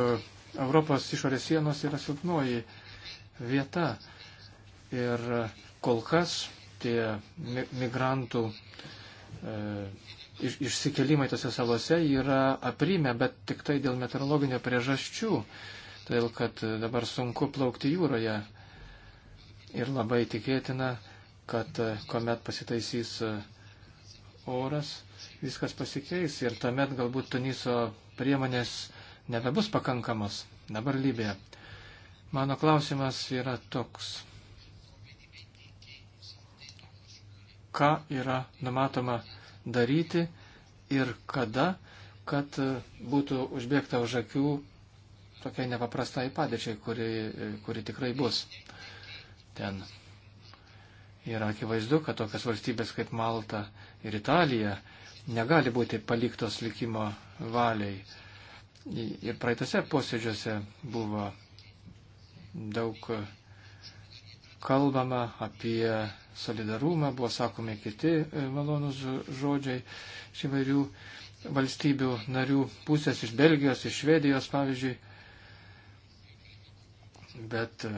Europos išorės sienos yra silpnoji vieta. Ir kol kas tie migrantų e, iš, išsikelimai tose salose yra aprimę, bet tik tai dėl meteorologinio priežasčių, todėl kad dabar sunku plaukti jūroje. Ir labai tikėtina, kad e, kuomet pasitaisys e, oras, viskas pasikeis ir tuomet galbūt Tuniso priemonės nebebus pakankamos. Dabar Libija. Mano klausimas yra toks. ką yra numatoma daryti ir kada, kad būtų užbėgta už akių tokiai nepaprastai padėčiai, kuri, kuri tikrai bus ten. Ir akivaizdu, kad tokias valstybės kaip Malta ir Italija negali būti paliktos likimo valiai. Ir praeitose posėdžiuose buvo daug kalbama apie solidarumą, buvo sakomi kiti e, malonus žodžiai iš įvairių valstybių narių pusės, iš Belgijos, iš Švedijos, pavyzdžiui. Bet e,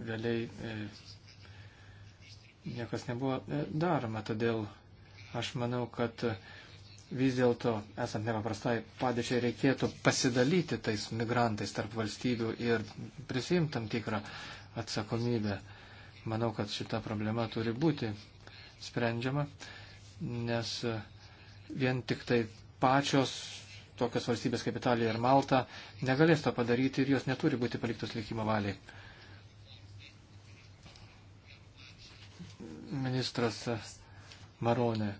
realiai e, niekas nebuvo daroma, todėl aš manau, kad vis dėlto, esant nepaprastai padėčiai, reikėtų pasidalyti tais migrantais tarp valstybių ir prisimti tam tikrą atsakomybę. Manau, kad šita problema turi būti sprendžiama, nes vien tik tai pačios tokios valstybės kaip Italija ir Malta negalės to padaryti ir jos neturi būti paliktos likimo valiai. Ministras Maronė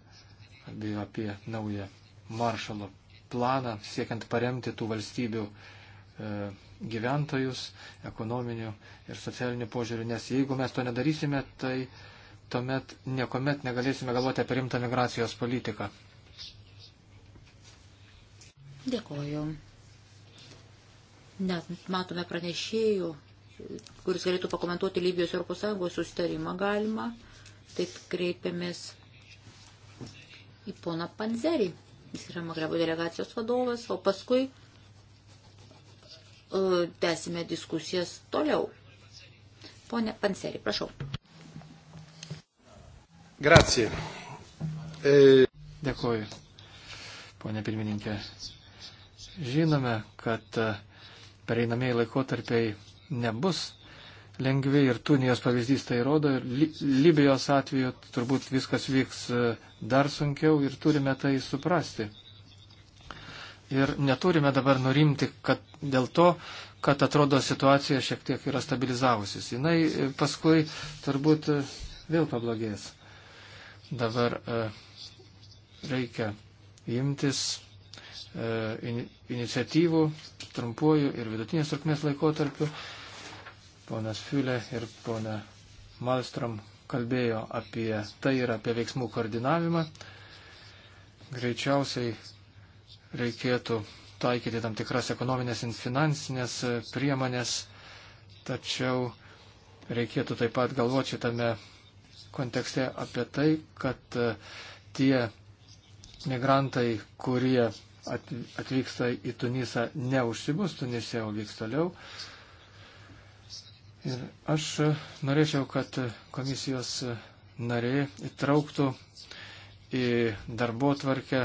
kalbėjo apie naują maršalo planą, siekiant paremti tų valstybių e, gyventojus ekonominių ir socialinių požiūrių, nes jeigu mes to nedarysime, tai tuomet niekuomet negalėsime galvoti apie rimtą migracijos politiką. Dėkoju. Net matome pranešėjų, kuris galėtų pakomentuoti Libijos Europos Sąjungos sustarimą galima. Taip kreipiamės į poną Panzerį. Jis yra Magrebo delegacijos vadovas, o paskui E, tęsime diskusijas toliau. Pone Panseri, prašau. Gracija. E... Dėkuoju, ponė pirmininkė. Žinome, kad e, pereinamieji laikotarpiai nebus lengvi ir Tunijos pavyzdys tai rodo. Ir Libijos atveju turbūt viskas vyks e, dar sunkiau ir turime tai suprasti ir neturime dabar nurimti, kad dėl to, kad atrodo situacija šiek tiek yra stabilizavusis. Jis e, paskui turbūt e, vėl pablogės. Dabar e, reikia imtis iniciatyvų trumpuoju ir vidutinės trukmės laikotarpiu. Ponas Fiulė ir ponė Malstrom kalbėjo apie tai ir apie veiksmų koordinavimą. Greičiausiai reikėtų taikyti tam tikras ekonominės ir finansinės e, priemonės, tačiau reikėtų taip pat galvoti šitame kontekste apie tai, kad e, tie migrantai, kurie atvyksta į Tunisą, neužsibus Tunisė, o vyks toliau. Ir aš e, norėčiau, kad komisijos nariai įtrauktų uh, į darbo tvarkę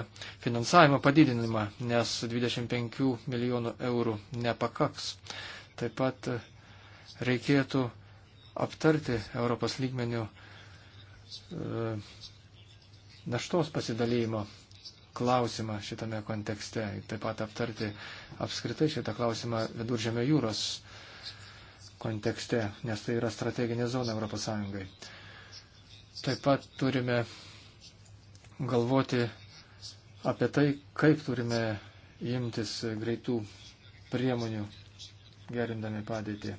finansavimo padidinimą, nes 25 milijonų eurų nepakaks. Taip pat reikėtų aptarti Europos lygmenių e, naštos pasidalymo klausimą šitame kontekste, taip pat aptarti apskritai šitą klausimą viduržėmio jūros kontekste, nes tai yra strateginė zona Europos Sąjungai. Taip pat turime galvoti apie tai, kaip turime imtis greitų priemonių gerindami padėtį.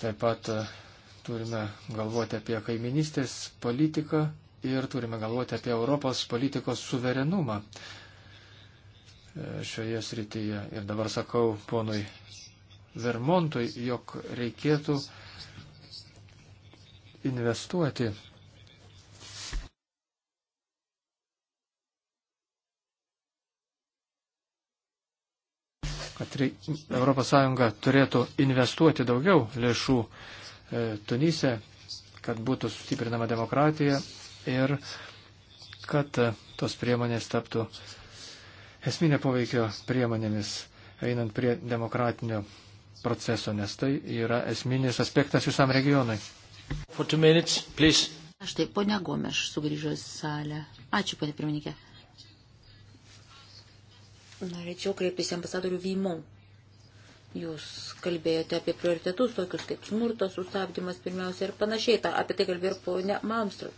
Taip pat e, turime galvoti apie kaiminystės politiką ir turime galvoti apie Europos politikos suverenumą e, šioje srityje. Ir dabar sakau ponui Vermontui, jog reikėtų investuoti kad ES turėtų investuoti daugiau lėšų e, Tunise, kad būtų sustiprinama demokratija ir kad e, tos priemonės taptų esminė poveikio priemonėmis einant prie demokratinio proceso, nes tai yra esminis aspektas visam regionui. Minutes, Aš taip, ponia Gomeš, sugrįžo į salę. Ačiū, ponia pirmininkė. Norėčiau kreiptis į ambasadorių Vymon. Jūs kalbėjote apie prioritetus, tokius kaip smurto sustabdymas pirmiausia ir panašiai. Ta, apie tai kalbėjo ir ponia Malmström.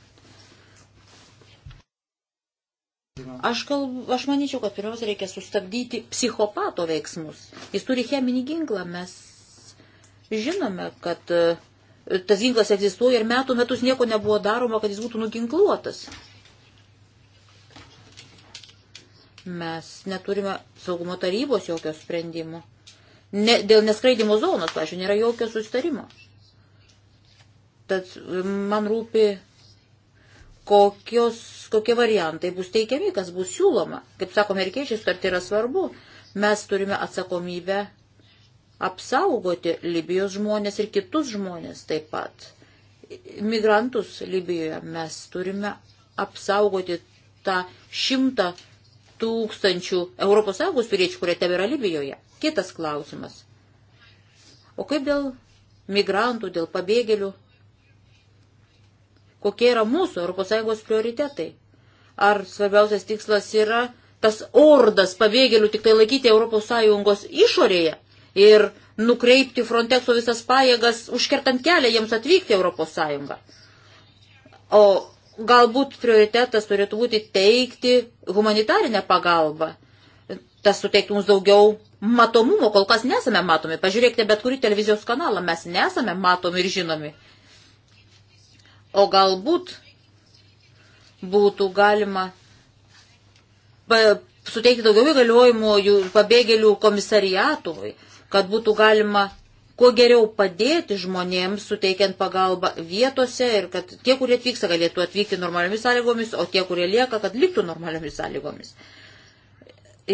Aš, kalb, aš manyčiau, kad pirmiausia reikia sustabdyti psichopato veiksmus. Jis turi cheminį ginklą, mes žinome, kad e, tas ginklas egzistuoja ir metų metus nieko nebuvo daroma, kad jis būtų nuginkluotas. Mes neturime saugumo tarybos jokio sprendimo. Ne, dėl neskraidimo zonos, pažiūrėjau, nėra jokio sustarimo. Tad e, man rūpi, kokios, kokie variantai bus teikiami, kas bus siūloma. Kaip sako amerikiečiai, sutartį yra svarbu. Mes turime atsakomybę apsaugoti Libijos žmonės ir kitus žmonės taip pat. Migrantus Libijoje mes turime apsaugoti tą šimtą tūkstančių ES piliečių, kurie tebėra Libijoje. Kitas klausimas. O kaip dėl migrantų, dėl pabėgėlių? Kokie yra mūsų ES prioritetai? Ar svarbiausias tikslas yra tas ordas pabėgėlių tik tai laikyti ES išorėje ir nukreipti Frontexo visas pajėgas, užkertant kelią jiems atvykti ES? O galbūt prioritetas turėtų būti teikti humanitarinę pagalbą. Tas suteiktų mums daugiau matomumo, kol kas nesame matomi. Pažiūrėkite bet kurį televizijos kanalą, mes nesame matomi ir žinomi. O galbūt būtų galima suteikti daugiau įgaliojimų pabėgėlių komisariatui, kad būtų galima kuo geriau padėti žmonėms, suteikiant pagalbą vietose ir kad tie, kurie atvyksta, galėtų atvykti normaliomis sąlygomis, o tie, kurie lieka, kad liktų normaliomis sąlygomis.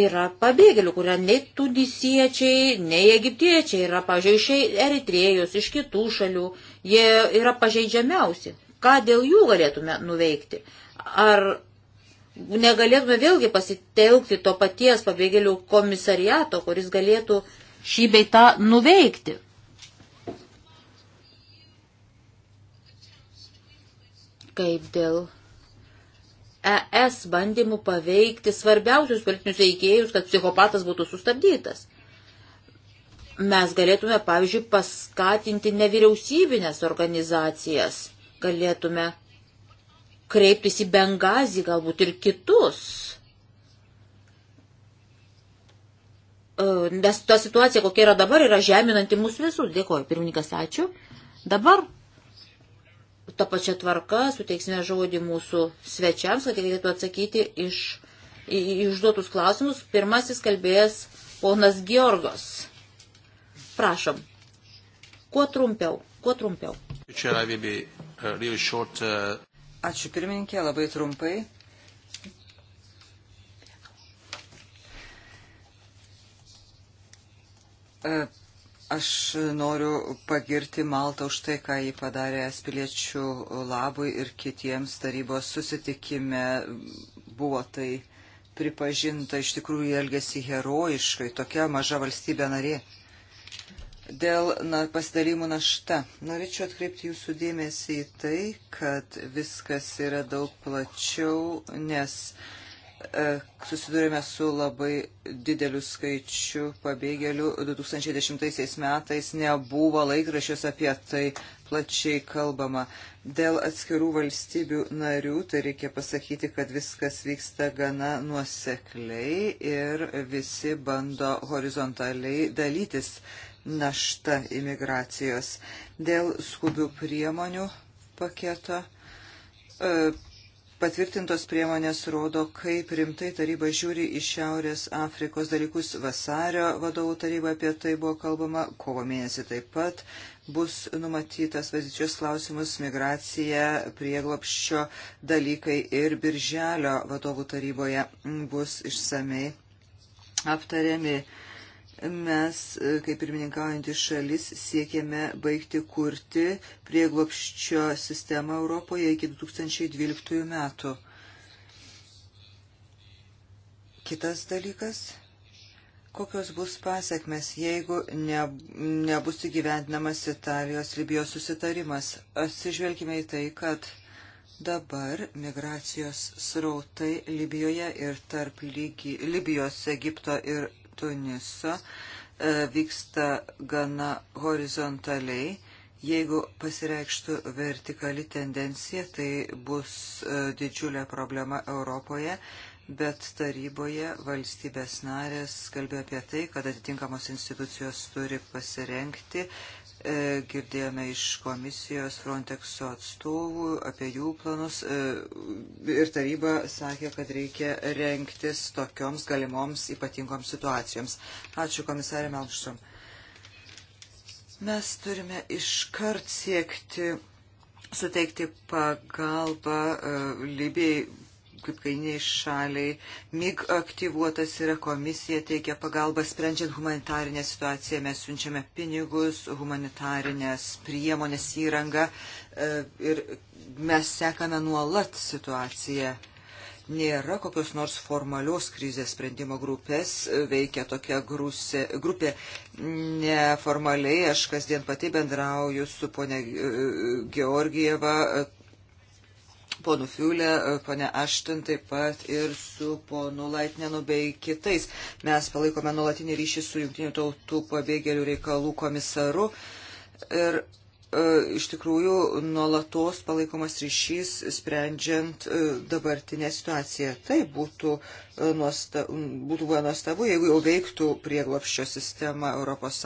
Yra pabėgėlių, kurie nei tunisiečiai, nei egiptiečiai yra, pažiūrėjau, iš Eritrėjos, iš kitų šalių, jie yra pažeidžiamiausi. Ką dėl jų galėtume nuveikti? Ar negalėtume vėlgi pasitelkti to paties pabėgėlių komisariato, kuris galėtų šį beitą nuveikti. kaip dėl ES bandymų paveikti svarbiausius politinius veikėjus, kad psichopatas būtų sustabdytas. Mes galėtume, pavyzdžiui, paskatinti nevyriausybinės organizacijas, galėtume kreiptis į Bengazį, galbūt ir kitus. E, nes ta situacija, kokia yra dabar, yra žeminanti mūsų visus. Dėkuoju, pirmininkas, ačiū. Dabar tą pačią tvarką suteiksime žodį mūsų svečiams, kad jie galėtų atsakyti iš, į, į užduotus klausimus. Pirmasis kalbėjęs ponas Georgos. Prašom. Kuo trumpiau, kuo trumpiau. Uh, uh, Ačiū pirmininkė, labai trumpai. Uh, Aš noriu pagirti Maltą už tai, ką jį padarė espiliečių labui ir kitiems tarybos susitikime buvo tai pripažinta, iš tikrųjų elgesi herojiškai, tokia maža valstybė narė. Dėl na, pasidalimų našta. Norėčiau atkreipti jūsų dėmesį į tai, kad viskas yra daug plačiau, nes uh, E, susidurėme su labai dideliu skaičiu pabėgėlių. 2010 metais nebuvo laikrašiuose apie tai plačiai kalbama. Dėl atskirų valstybių narių, tai reikia pasakyti, kad viskas vyksta gana nuosekliai ir visi bando horizontaliai dalytis našta imigracijos. Dėl skubių priemonių paketo e, Patvirtintos priemonės rodo, kaip rimtai taryba žiūri į Šiaurės Afrikos dalykus. Vasario vadovų taryba apie tai buvo kalbama, kovo mėnesį taip pat bus numatytas vazičios klausimus migracija, prieglopščio dalykai ir birželio vadovų taryboje bus išsamei aptariami. Mes, e, kaip pirmininkaujantys šalis, siekėme baigti kurti prieglopščio sistemą Europoje iki 2012 metų. Kitas dalykas kokios bus pasiekmes, jeigu ne, nebus įgyvendinamas Italijos Libijos susitarimas. Atsižvelgime į tai, kad dabar migracijos srautai Libijoje ir tarp lygi, Libijos, Egipto ir Tuniso e, vyksta gana horizontaliai. Jeigu pasireikštų vertikali tendencija, tai bus e, didžiulė problema Europoje, bet taryboje valstybės narės kalbėjo apie tai, kad atitinkamos institucijos turi pasirenkti E, girdėjome iš komisijos Frontexo atstovų apie jų planus e, ir taryba sakė, kad reikia renktis tokioms galimoms ypatingoms situacijoms. Ačiū komisarė Melkštum. Mes turime iškart siekti suteikti pagalbą e, Libijai kaip kainiai šaliai. MIG aktyvuotas yra komisija, teikia pagalbą sprendžiant humanitarinę situaciją. Mes siunčiame pinigus, humanitarinės priemonės įrangą e, ir mes sekame nuolat situaciją. Nėra kokios nors formalios krizės sprendimo grupės, e, veikia tokia grūse, grupė neformaliai. Aš kasdien pati bendrauju su ponia e, Georgieva, ponu Fiulė, e, pone Aštin, taip pat ir su ponu Laitnenu bei kitais. Mes palaikome nuolatinį ryšį su Junktinių tautų pabėgėlių reikalų komisaru. Ir e, iš tikrųjų nuolatos palaikomas ryšys sprendžiant e, dabartinę situaciją. Tai būtų, nuosta, būtų buvę nuostabu, jeigu jau veiktų prieglopščio sistema ES.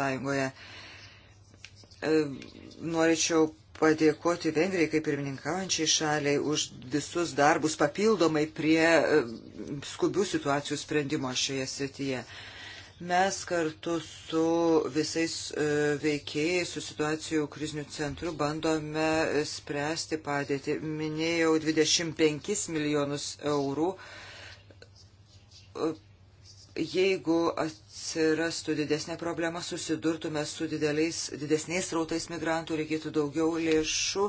Norėčiau padėkoti Vengrijai kaip pirmininkaujančiai šaliai už visus darbus papildomai prie e, skubių situacijų sprendimo šioje srityje. Mes kartu su visais e, veikėjais, su situacijų krizinių centru bandome spręsti padėtį. Minėjau 25 milijonus eurų e, jeigu atsirastų didesnė problema, susidurtume su dideliais, didesniais rautais migrantų, reikėtų daugiau lėšų.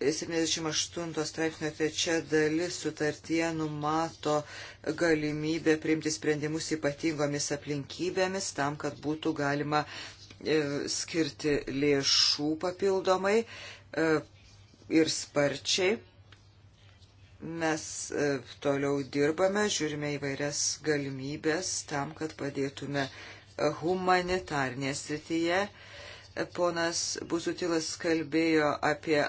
78 straipsnio trečia dalis sutartie numato galimybę priimti sprendimus ypatingomis aplinkybėmis tam, kad būtų galima e, skirti lėšų papildomai e, ir sparčiai. Mes e, toliau dirbame, žiūrime įvairias galimybės tam, kad padėtume humanitarnėje srityje. E, ponas Buzutilas kalbėjo apie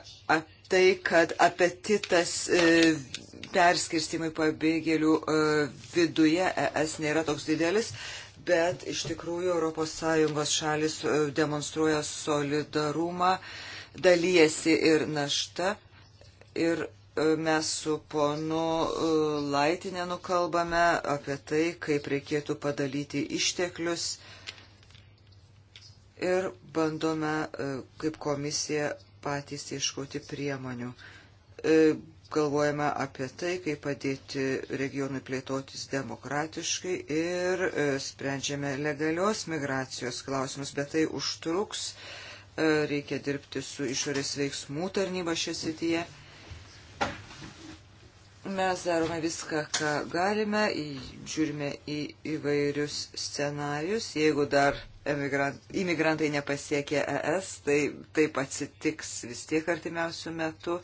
tai, kad apetitas e, perskirstimui pabėgėlių viduje ES nėra toks didelis, bet iš tikrųjų ES šalis demonstruoja solidarumą, dalyjasi ir našta. Ir mes su ponu e, Laitinenu kalbame apie tai, kaip reikėtų padalyti išteklius ir bandome e, kaip komisija patys ieškoti priemonių. E, galvojame apie tai, kaip padėti regionui plėtotis demokratiškai ir sprendžiame legalios migracijos klausimus, bet tai užtruks, reikia dirbti su išorės veiksmų tarnyba šią sityje. Mes darome viską, ką galime, į, žiūrime į įvairius scenarius. Jeigu dar emigrant, imigrantai nepasiekė ES, tai taip atsitiks vis tiek artimiausių metų.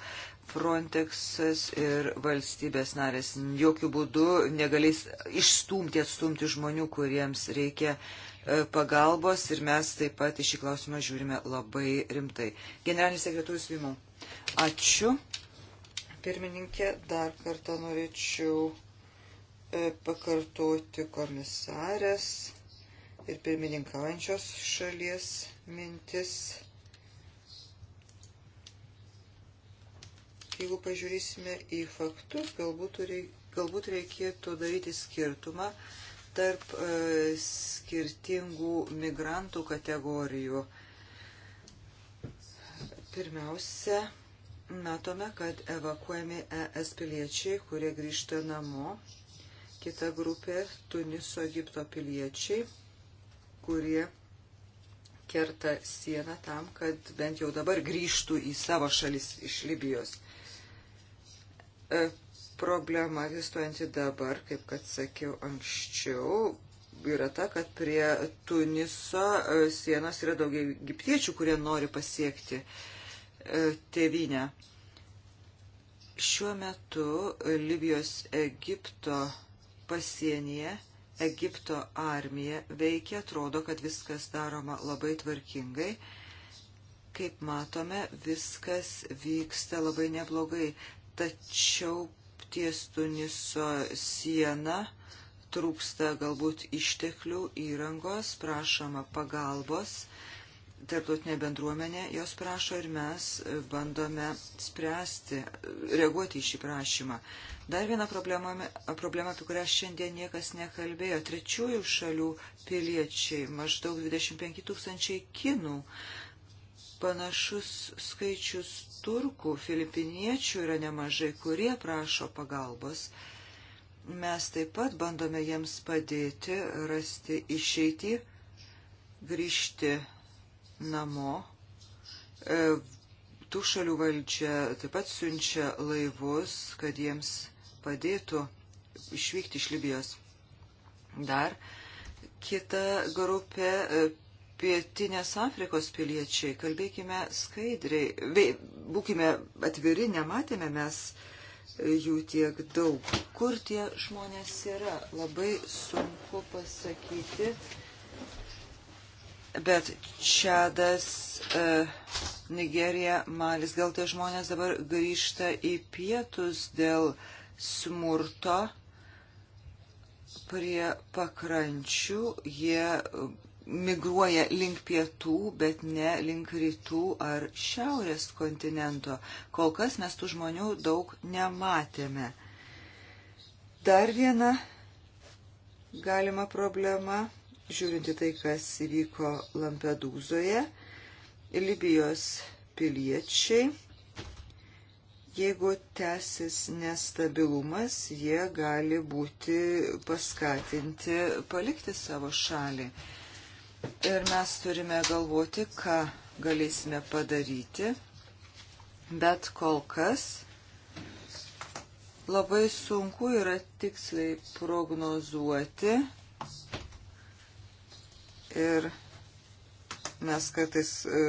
Frontexas ir valstybės narės jokių būdų negalės išstumti, atstumti žmonių, kuriems reikia e, pagalbos ir mes taip pat į šį klausimą žiūrime labai rimtai. Generalinis sekretorius Vimo. Ačiū pirmininkė. Dar kartą norėčiau e, pakartoti komisarės ir pirmininkaujančios šalies mintis. Jeigu pažiūrėsime į faktus, galbūt, reik, galbūt reikėtų daryti skirtumą tarp e, skirtingų migrantų kategorijų. Pirmiausia, matome, kad evakuojami ES piliečiai, kurie grįžta namo. Kita grupė - Tuniso Egipto piliečiai, kurie kerta sieną tam, kad bent jau dabar grįžtų į savo šalis iš Libijos. E, problema egzistuojanti dabar, kaip kad sakiau anksčiau, yra ta, kad prie Tuniso e, sienos yra daug egiptiečių, kurie nori pasiekti uh, E, tėvynę. Šiuo metu Libijos Egipto pasienyje Egipto armija veikia, atrodo, kad viskas daroma labai tvarkingai. Kaip matome, viskas vyksta labai neblogai, tačiau ties Tuniso siena trūksta galbūt išteklių įrangos, prašoma pagalbos tarptautinė bendruomenė jos prašo ir mes bandome spręsti, reaguoti į šį prašymą. Dar viena problema, problema apie kurią šiandien niekas nekalbėjo. Trečiųjų šalių piliečiai, maždaug 25 tūkstančiai kinų, panašus skaičius turkų, filipiniečių yra nemažai, kurie prašo pagalbos. Mes taip pat bandome jiems padėti rasti išeitį, grįžti namo. E, tų šalių valdžia taip pat siunčia laivus, kad jiems padėtų išvykti iš Libijos. Dar kita grupė e, pietinės Afrikos piliečiai, kalbėkime skaidriai, Vei, būkime atviri, nematėme mes e, jų tiek daug. Kur tie žmonės yra, labai sunku pasakyti. Bet Čadas, e, Nigerija, Malis, gal tie žmonės dabar grįžta į pietus dėl smurto prie pakrančių, jie migruoja link pietų, bet ne link rytų ar šiaurės kontinento. Kol kas mes tų žmonių daug nematėme. Dar viena galima problema žiūrinti tai, kas įvyko Lampedūzoje, Libijos piliečiai, jeigu tęsis nestabilumas, jie gali būti paskatinti palikti savo šalį. Ir mes turime galvoti, ką galėsime padaryti, bet kol kas labai sunku yra tiksliai prognozuoti, Ir mes kartais e,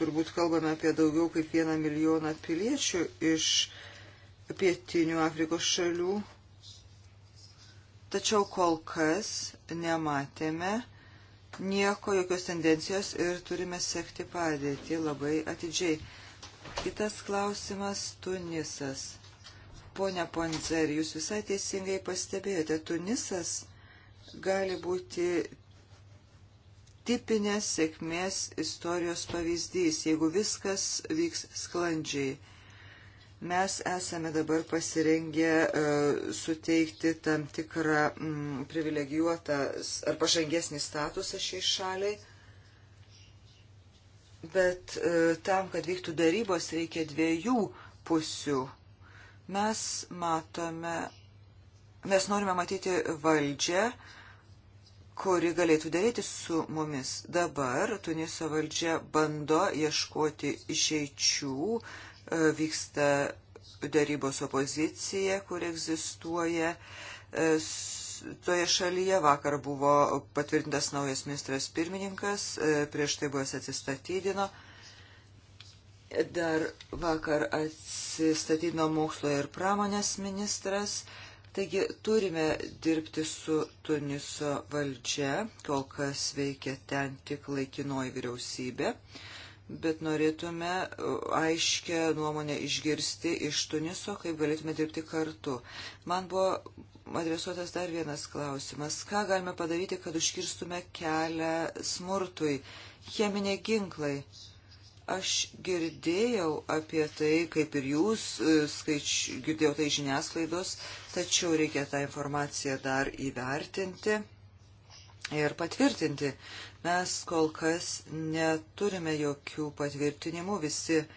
turbūt kalbame apie daugiau kaip vieną milijoną piliečių iš pietinių Afrikos šalių. Tačiau kol kas nematėme nieko, jokios tendencijos ir turime sekti padėtį labai atidžiai. Kitas klausimas - Tunisas. Pone Ponzer, jūs visai teisingai pastebėjote, Tunisas gali būti tipinės sėkmės istorijos pavyzdys, jeigu viskas vyks sklandžiai. Mes esame dabar pasirengę uh, suteikti tam tikrą mm, privilegijuotą ar pažangesnį statusą šiai šaliai. Bet e, tam, kad vyktų darybos, reikia dviejų pusių. Mes matome, mes norime matyti valdžią, kuri galėtų dėrėti su mumis. Dabar Tuniso valdžia bando ieškoti išeičių, e, vyksta darybos opozicija, kur egzistuoja. E, toje šalyje vakar buvo patvirtintas naujas ministras pirmininkas, e, prieš tai buvęs atsistatydino. Dar vakar atsistatydino mokslo ir pramonės ministras. Taigi turime dirbti su Tuniso valdžia, kol kas veikia ten tik laikinoji vyriausybė, bet norėtume uh, aiškę nuomonę išgirsti iš Tuniso, kaip galėtume dirbti kartu. Man buvo adresuotas dar vienas klausimas. Ką galime padaryti, kad užkirstume kelią smurtui? Cheminiai ginklai Aš girdėjau apie tai, kaip ir jūs, e, skaič, girdėjau tai žiniasklaidos, tačiau reikia tą informaciją dar įvertinti ir patvirtinti. Mes kol kas neturime jokių patvirtinimų, visi uh,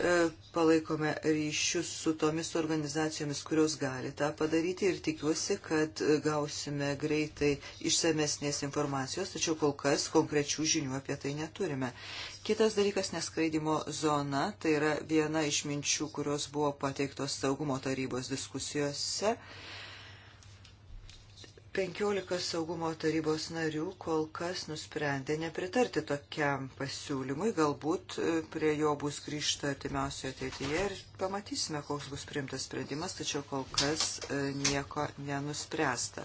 E, palaikome ryšius su tomis organizacijomis, kurios gali tą padaryti ir tikiuosi, kad e, gausime greitai išsamesnės informacijos, tačiau kol kas konkrečių žinių apie tai neturime. Kitas dalykas - neskraidimo zona. Tai yra viena iš minčių, kurios buvo pateiktos saugumo tarybos diskusijose. E, 15 saugumo tarybos narių kol kas nusprendė nepritarti tokiam pasiūlymui, galbūt e, prie jo bus grįžta artimiausioje ateityje ir pamatysime, koks bus priimtas sprendimas, tačiau kol kas e, nieko nenuspręsta.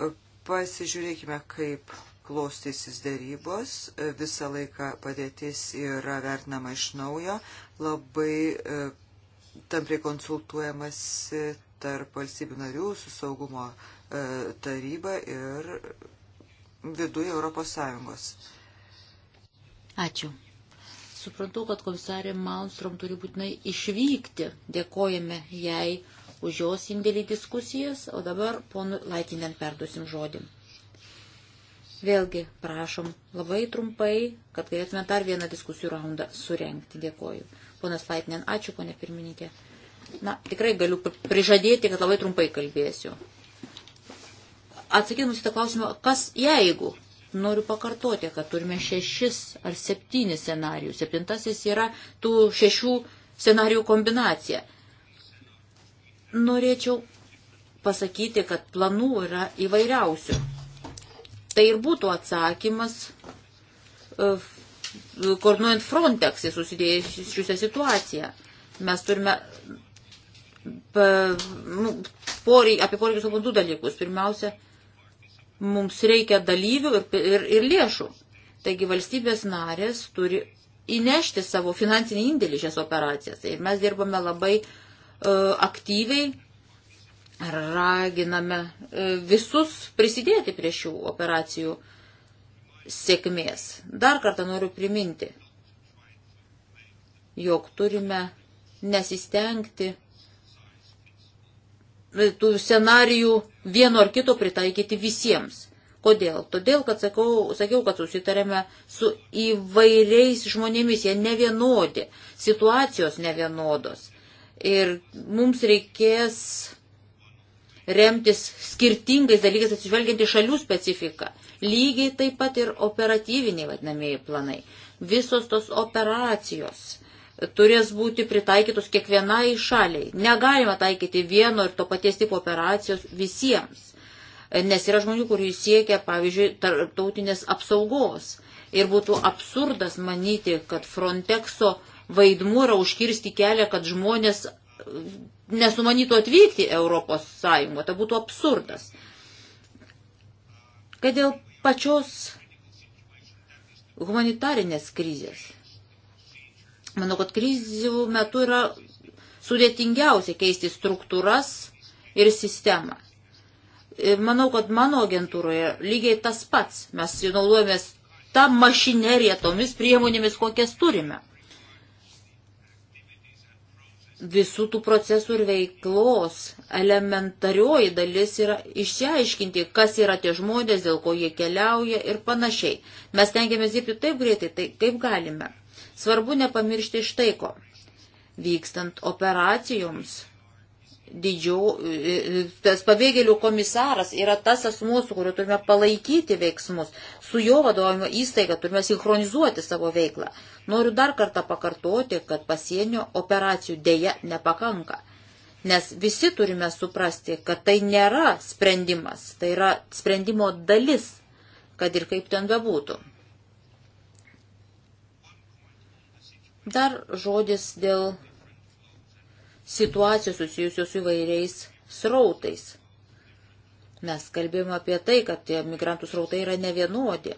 E, pasižiūrėkime, kaip klostysis darybos, visą laiką padėtis yra vertinama iš naujo, labai tampriai konsultuojamas tarp valstybių narių su saugumo e, taryba ir viduje Europos Sąjungos. Ačiū. Suprantu, kad komisarė Malmstrom turi būtinai išvykti. Dėkojame jai už jos indėlį diskusijas, o dabar ponui Laitinen perduosim žodį. Vėlgi, prašom labai trumpai, kad galėtume dar vieną diskusijų raundą surenkti. Dėkoju. Ponas Laitinen, ačiū, ponė pirmininkė. Na, tikrai galiu prižadėti, kad labai trumpai kalbėsiu. Atsakydamas į tą klausimą, kas jeigu, noriu pakartoti, kad turime šešis ar septynis scenarijus. Septintasis yra tų šešių scenarijų kombinacija. Norėčiau pasakyti, kad planų yra įvairiausių. Tai ir būtų atsakymas e, koordinuojant Frontex į susidėjusią situaciją. Mes turime Nu, porei, apie poreikius kalbant du dalykus. Pirmiausia, mums reikia dalyvių ir, ir, ir lėšų. Taigi valstybės narės turi įnešti savo finansinį indėlį šias operacijas. Ir mes dirbame labai uh, aktyviai, raginame uh, visus prisidėti prie šių operacijų sėkmės. Dar kartą noriu priminti, jog turime nesistengti E, tų scenarijų vieno ar kito pritaikyti visiems. Kodėl? Todėl, kad sakau, sakiau, kad susitarėme su įvairiais žmonėmis, jie nevienodi, situacijos nevienodos. Ir mums reikės remtis skirtingais dalykais atsižvelgiant į šalių specifiką. Lygiai taip pat ir operatyviniai vadinamieji planai. Visos tos operacijos turės būti pritaikytos kiekvienai šaliai. Negalima taikyti vieno ir to paties tipo operacijos visiems, nes yra žmonių, kurių siekia, pavyzdžiui, tarptautinės apsaugos. Ir būtų absurdas manyti, kad Frontexo vaidmuo yra užkirsti kelią, kad žmonės e, nesumanytų atvykti Europos Sąjungo. Tai būtų absurdas. Kad dėl pačios humanitarinės krizės Manau, kad krizių metu yra sudėtingiausia keisti struktūras ir sistemą. Ir manau, kad mano agentūroje lygiai tas pats. Mes naudojamės tą mašineriją tomis priemonėmis, kokias turime. Visų tų procesų ir veiklos elementarioji dalis yra išsiaiškinti, kas yra tie žmonės, dėl ko jie keliauja ir panašiai. Mes tengiamės dirbti taip greitai, tai kaip galime. Svarbu nepamiršti iš tai, ko vykstant operacijoms. Didžio, e, e, tas pabėgėlių komisaras yra tas asmuo, su kuriuo turime palaikyti veiksmus, su jo vadovavimo įstaiga turime sinchronizuoti savo veiklą. Noriu dar kartą pakartoti, kad pasienio operacijų dėja nepakanka. Nes visi turime suprasti, kad tai nėra sprendimas, tai yra sprendimo dalis, kad ir kaip ten bebūtų. Dar žodis dėl situacijos susijusios su įvairiais srautais. Mes kalbėjome apie tai, kad tie migrantų srautai yra nevienodi.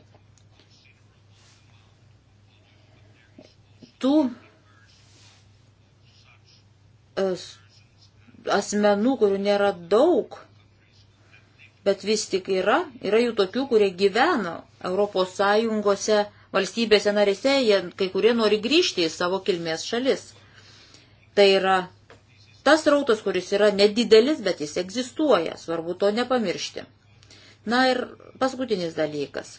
Tų e, asmenų, kurių nėra daug, bet vis tik yra, yra jų tokių, kurie gyveno Europos Sąjungose valstybėse narėse, jie kai kurie nori grįžti į savo kilmės šalis. Tai yra tas rautas, kuris yra nedidelis, bet jis egzistuoja, svarbu to nepamiršti. Na ir paskutinis dalykas.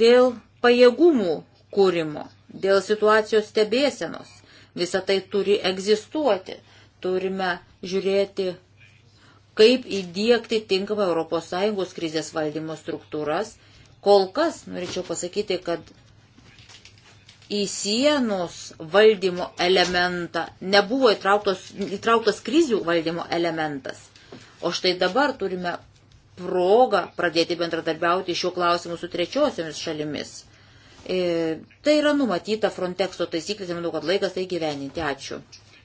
Dėl pajėgumų kūrimo, dėl situacijos stebėsenos, visa tai turi egzistuoti. Turime žiūrėti, kaip įdėkti tinkamą ES krizės valdymo struktūras Kol kas norėčiau pasakyti, kad į sienos valdymo elementą nebuvo įtrauktos, įtrauktas krizių valdymo elementas. O štai dabar turime progą pradėti bendradarbiauti šiuo klausimu su trečiosiomis šalimis. E, tai yra numatyta Frontexo taisyklėse, manau, kad laikas tai gyveninti. Ačiū.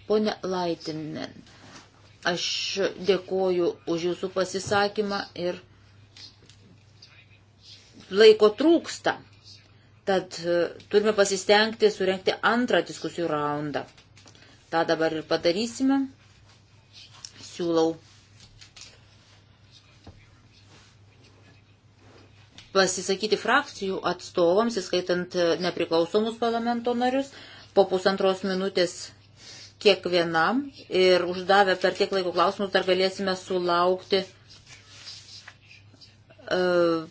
Pone Laitinen, aš dėkoju už jūsų pasisakymą ir laiko trūksta. Tad e, turime pasistengti surenkti antrą diskusijų raundą. Ta dabar ir padarysime. Siūlau pasisakyti frakcijų atstovams, įskaitant e, nepriklausomus parlamento narius, po pusantros minutės kiekvienam ir uždavę per tiek laiko klausimus dar galėsime sulaukti. Uh,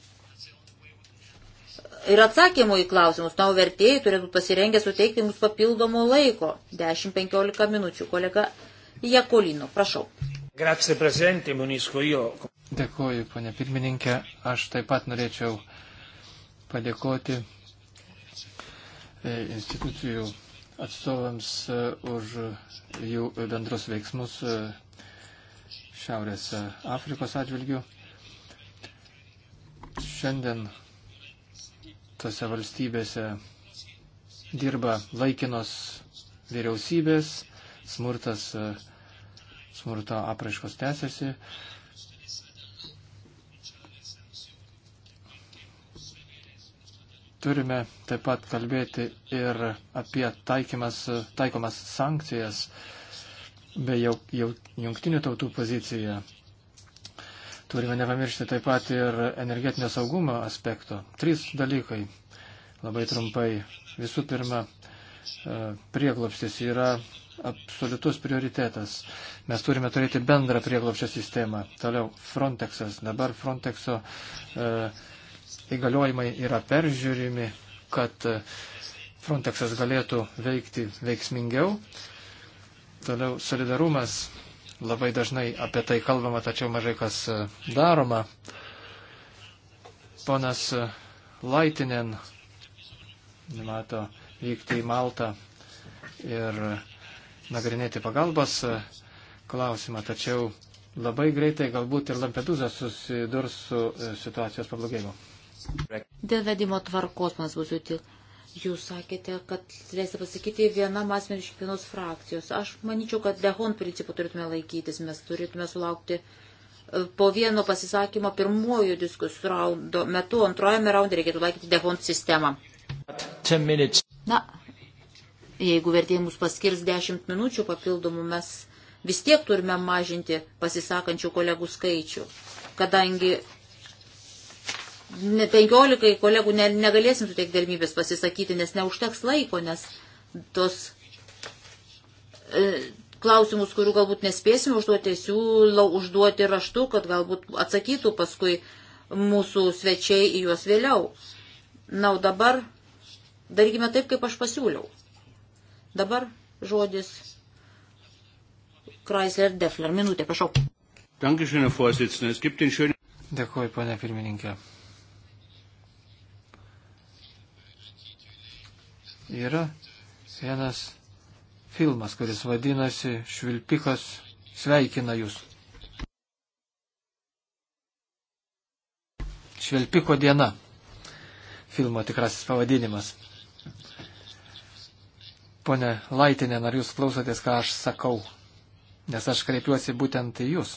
ir atsakymų į klausimus. Na, o vertėjai turėtų pasirengę suteikti mums papildomų laiko. 10-15 minučių. Kolega Jakolino, prašau. Grazie, prezidentė, munisko jo. Dėkuoju, ponė pirmininkė. Aš taip pat norėčiau padėkoti e, institucijų atstovams e, už jų bendrus veiksmus e, Šiaurės Afrikos atžvilgių. Šiandien tose valstybėse dirba laikinos vyriausybės, smurtas, smurto apraiškos tęsiasi. Turime taip pat kalbėti ir apie taikymas, taikomas sankcijas, bei jau, jau jungtinių tautų poziciją Turime nepamiršti taip pat ir energetinio saugumo aspekto. Trys dalykai, labai trumpai. Visų pirma, e, prieglopstis yra absoliutus prioritetas. Mes turime turėti bendrą prieglopščio sistemą. Toliau, Frontexas. Dabar Frontexo e, įgaliojimai yra peržiūrimi, kad e, Frontexas galėtų veikti veiksmingiau. Toliau, solidarumas Labai dažnai apie tai kalbama, tačiau mažai kas e, daroma. Ponas e, Laitinen numato vykti į Maltą ir e, nagrinėti pagalbos klausimą, tačiau labai greitai galbūt ir Lampedusa susidurs su situacijos pablogėjimu. Dėl vedimo tvarkos, man būsiu tik Jūs sakėte, kad leisite pasakyti vienam asmeniui iš kiekvienos frakcijos. Aš manyčiau, kad dehon principų turėtume laikytis. Mes turėtume sulaukti e, po vieno pasisakymo pirmojų diskusijų raundo metu, antrojame raunde reikėtų laikyti dehon sistemą. Na, jeigu vertėjai mus paskirs 10 minučių papildomų, mes vis tiek turime mažinti pasisakančių kolegų skaičių, kadangi ne penkiolikai kolegų ne, negalėsim suteikti galimybės pasisakyti, nes neužteks laiko, nes tos e, klausimus, kurių galbūt nespėsime užduoti, siūlau užduoti raštu, kad galbūt atsakytų paskui mūsų svečiai į juos vėliau. Na, o dabar darykime taip, kaip aš pasiūliau. Dabar žodis Chrysler Defler. Minutė, prašau. Dankeschön, Herr Vorsitzender. Es gibt den schönen. Dėkuoju, ponia pirmininkė. yra vienas filmas, kuris vadinasi Švilpikas sveikina jūs. Švilpiko diena. Filmo tikrasis pavadinimas. Pone Laitinė, ar jūs klausotės, ką aš sakau? Nes aš kreipiuosi būtent į jūs.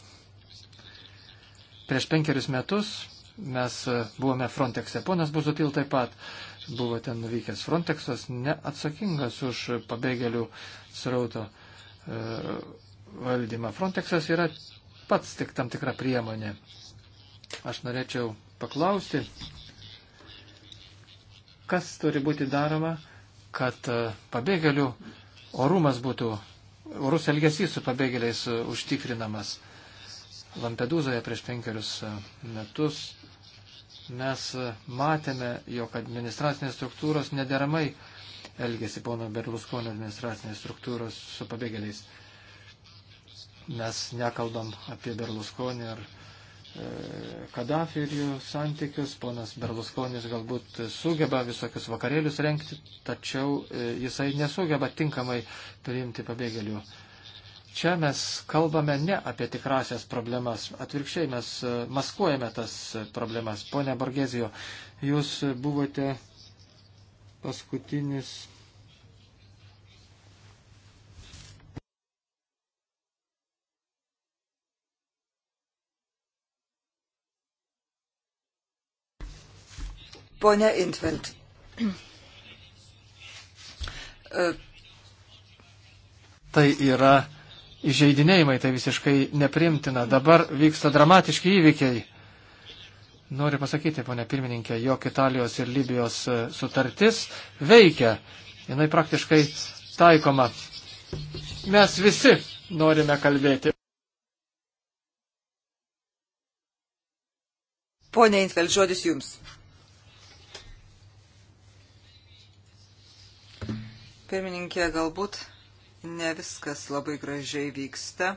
Prieš penkerius metus mes buvome Frontexe. Ponas Buzutil taip pat. Uh, buvo ten nuvykęs. Frontexas neatsakingas už pabėgėlių srauto e, valdymą. Frontexas yra pats tik tam tikra priemonė. Aš norėčiau paklausti, kas turi būti daroma, kad e, pabėgėlių orumas būtų, orus elgesys su pabėgėliais e, užtikrinamas. Lampedūzoje prieš penkerius e, metus mes e, matėme, jog administracinės struktūros nederamai elgėsi pono Berluskonio administracinės struktūros su pabėgėliais. Mes nekalbam apie Berluskonį ar e, Kadafi ir jų santykius. Ponas Berlusconis galbūt sugeba visokius vakarėlius renkti, tačiau e, jisai nesugeba tinkamai priimti pabėgėlių Čia mes kalbame ne apie tikrasias problemas, atvirkščiai mes e, maskuojame tas e, problemas. Pone Bargezijo, jūs buvote paskutinis Pone Intvent. Tai yra įžeidinėjimai, tai visiškai neprimtina. Dabar vyksta dramatiški įvykiai. Noriu pasakyti, ponė pirmininkė, jog Italijos ir Libijos e, sutartis veikia. Jinai praktiškai taikoma. Mes visi norime kalbėti. Pone Infeld, žodis jums. Pirmininkė, galbūt ne viskas labai gražiai vyksta.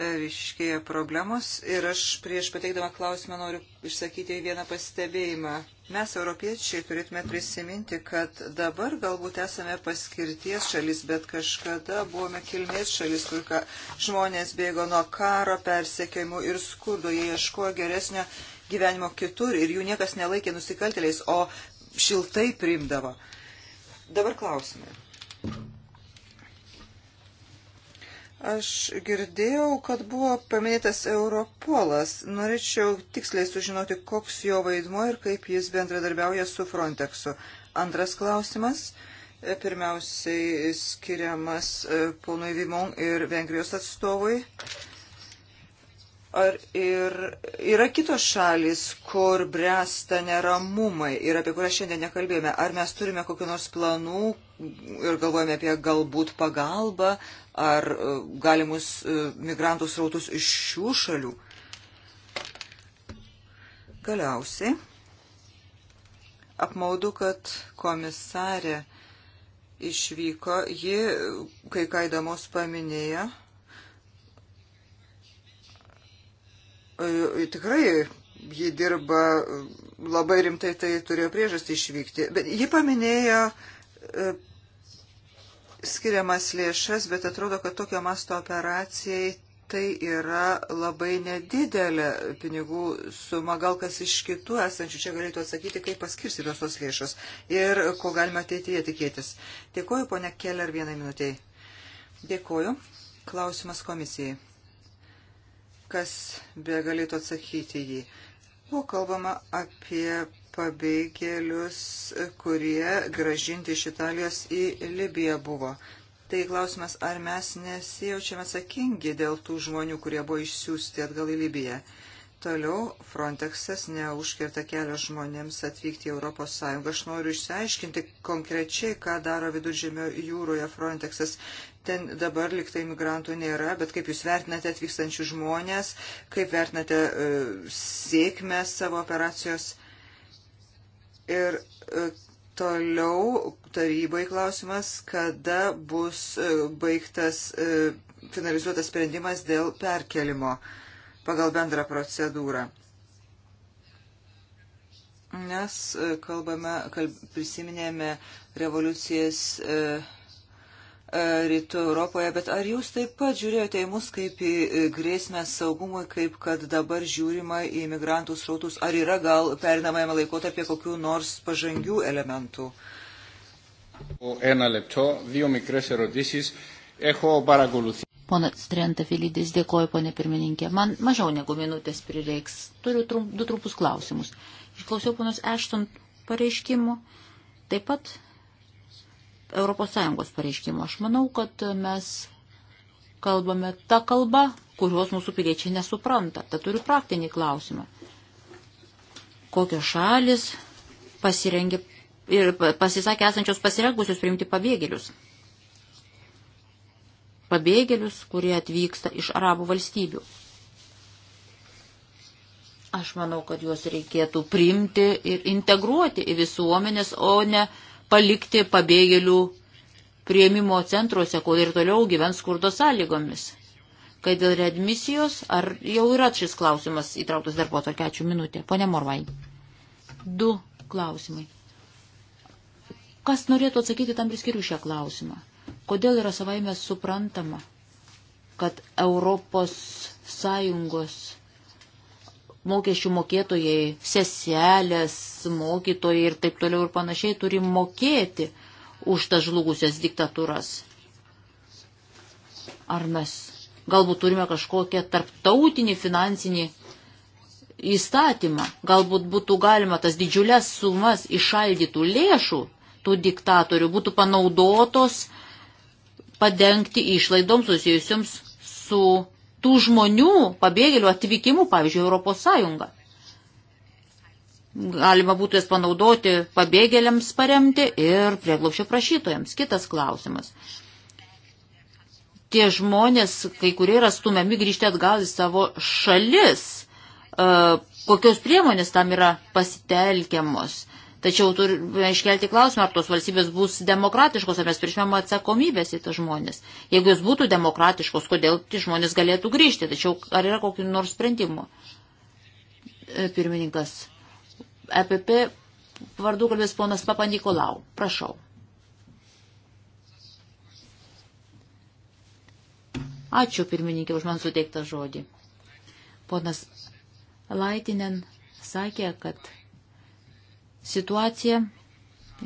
Ryškėja problemos ir aš prieš pateikdama klausimą noriu išsakyti vieną pastebėjimą. Mes, europiečiai, turėtume prisiminti, kad dabar galbūt esame paskirties šalis, bet kažkada buvome kilmės šalis, kur ka, žmonės bėgo nuo karo, persekiojimų ir skurdo, jie ieškojo geresnio gyvenimo kitur ir jų niekas nelaikė nusikaltėliais, o šiltai primdavo. Dabar klausimai. Aš girdėjau, kad buvo paminėtas Europolas. Norėčiau tiksliai sužinoti, koks jo vaidmo ir kaip jis bendradarbiauja su Frontexu. Antras klausimas. Pirmiausiai skiriamas e, ponui Vimon ir Vengrijos atstovui. Ar ir yra kitos šalis, kur bręsta neramumai ir apie kurią šiandien nekalbėjome? Ar mes turime kokiu nors planų ir galvojame apie galbūt pagalbą ar e, galimus e, migrantų srautus iš šių šalių? Galiausiai apmaudu, kad komisarė išvyko, ji kai ką įdomus paminėjo tikrai ji dirba labai rimtai, tai turėjo priežastį išvykti. Bet ji paminėjo skiriamas lėšas, bet atrodo, kad tokio masto operacijai tai yra labai nedidelė pinigų suma, gal kas iš kitų esančių čia galėtų atsakyti, kaip paskirstytos tos lėšos ir ko galima ateityje tikėtis. Dėkuoju, ponia Keller, vienai minutiai. Dėkuoju. Klausimas komisijai kas be galėtų atsakyti jį. Buvo kalbama apie pabėgėlius, kurie gražinti iš Italijos į Libiją buvo. Tai klausimas, ar mes nesijaučiame atsakingi dėl tų žmonių, kurie buvo išsiųsti atgal į Libiją. Toliau Frontexas neužkerta kelio žmonėms atvykti į ES. Aš noriu išsiaiškinti konkrečiai, ką daro viduržėmio jūroje Frontexas. Ten dabar liktai imigrantų nėra, bet kaip jūs vertinate atvykstančių žmonės, kaip vertinate e, sėkmę savo operacijos ir e, toliau tarybai klausimas, kada bus e, baigtas, finalizuotas sprendimas dėl perkelimo pagal bendrą procedūrą. Nes kalbame, kalb, prisiminėme revoliucijas E, rytų Europoje, bet ar jūs taip pat žiūrėjote į mus kaip į e, grėsmę saugumui, kaip kad dabar žiūrima į migrantų srautus, ar yra gal perinamajame laikotarpyje kokių nors pažangių elementų? Ponas Trenta Filidis, dėkoju, ponė pirmininkė. Man mažiau negu minutės prireiks. Turiu trump, du trumpus klausimus. Išklausiau ponos Ešton pareiškimų. Taip pat ES pareiškimo. Aš manau, kad mes kalbame tą kalbą, kurios mūsų piliečiai nesupranta. Tad turiu praktinį klausimą. Kokios šalis pasirengė ir pasisakė esančios pasirengusios priimti pabėgėlius? Pabėgėlius, kurie atvyksta iš arabų valstybių. Aš manau, kad juos reikėtų priimti ir integruoti į visuomenės, o ne uh, palikti pabėgėlių prieimimo centruose, kol ir toliau gyvens skurdo sąlygomis. Kai dėl readmisijos, ar jau yra šis klausimas įtrauktas darbo tarkia, ačiū minutė. Pone Morvai, du klausimai. Kas norėtų atsakyti tam priskiriu šią klausimą? Kodėl yra savaime suprantama, kad Europos Sąjungos mokesčių mokėtojai, seselės, mokytojai ir taip toliau ir panašiai turi mokėti už tas žlugusias diktatūras. Ar mes galbūt turime kažkokią tarptautinį finansinį įstatymą, galbūt būtų galima tas didžiulės sumas išaldytų lėšų tų diktatorių būtų panaudotos padengti išlaidoms susijusiams su tų žmonių, pabėgėlių atvykimų, pavyzdžiui, Europos Sąjungą. Galima būtų jas panaudoti pabėgėliams paremti ir prieglaušio prašytojams. Kitas klausimas. Tie žmonės, kai kurie yra stumiami grįžti atgal į savo šalis, e, kokios priemonės tam yra pasitelkiamos. Tačiau turime iškelti klausimą, ar tos valstybės bus demokratiškos, ar mes priešmėm atsakomybės į tas žmonės. Jeigu jos būtų demokratiškos, kodėl tie žmonės galėtų grįžti, tačiau ar yra kokių nors sprendimų? E, pirmininkas, EPP vardu kalbės ponas Papa Nikolau. Prašau. Ačiū pirmininkė už man suteiktą žodį. Ponas Laitinen sakė, kad situacija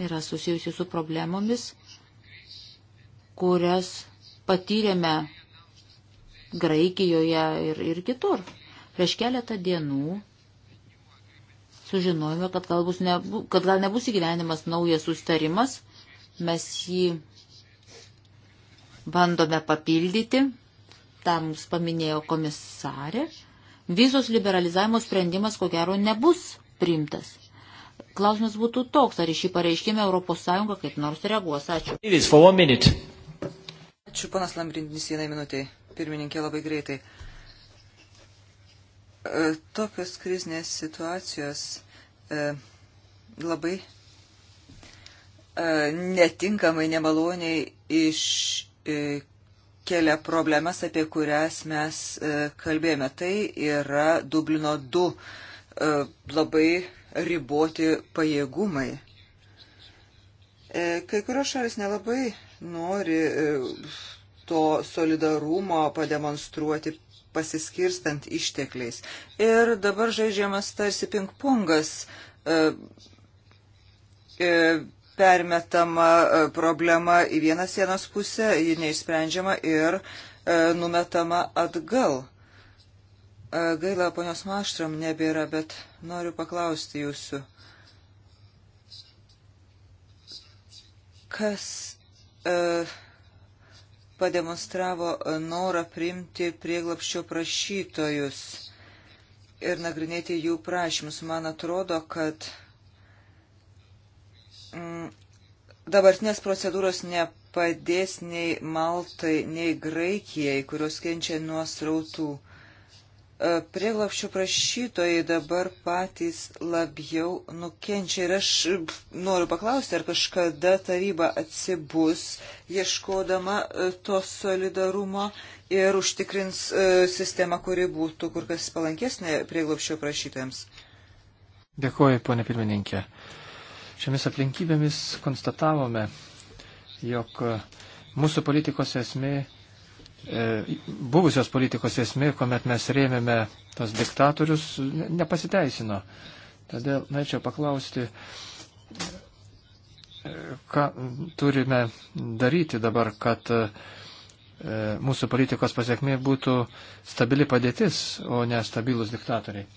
yra susijusi su problemomis, kurias patyrėme Graikijoje ir, ir kitur. Prieš keletą dienų sužinojome, kad gal, bus ne, kad gal nebus įgyvenimas naujas sustarimas, mes jį bandome papildyti, tam mums paminėjo komisarė, vizos liberalizavimo sprendimas ko gero nebus priimtas. Klausimas būtų toks, ar iš šį pareiškimą ES kaip nors reaguos. Ačiū. Ačiū, panas Lambrindinis, vienai minutiai. Pirmininkė labai greitai. E, tokios krizinės situacijos e, labai e, netinkamai, nemaloniai iškelia problemas, apie kurias mes kalbėjome. Tai yra Dublino 2 labai riboti pajėgumai. E, kai kurios šalis nelabai nori e, to solidarumo pademonstruoti pasiskirstant ištekliais. Ir dabar žaidžiamas tarsi pingpongas, e, permetama problema į vieną sienos pusę, ji neišsprendžiama ir numetama atgal. Gaila, ponios Maštram nebėra, bet noriu paklausti jūsų. Kas e, pademonstravo norą priimti prieglapščio prašytojus ir nagrinėti jų prašymus? Man atrodo, kad mm, dabartinės procedūros nepadės nei Maltai, nei Graikijai, kurios kenčia nuo srautų. E, E, prieglapščių prašytojai dabar patys labiau nukenčia. Ir aš noriu paklausti, ar kažkada taryba atsibus, ieškodama e, to solidarumo ir užtikrins e, sistemą, kuri būtų kur kas palankesnė prieglapščių prašytojams. Dėkuoju, ponė pirmininkė. Šiomis aplinkybėmis konstatavome, jog mūsų politikos esmė E, buvusios politikos esmė, kuomet mes rėmėme tos diktatorius, nepasiteisino. Todėl norėčiau paklausti, e, ką turime daryti dabar, kad e, mūsų politikos pasiekmė būtų stabili padėtis, o ne stabilus diktatoriai.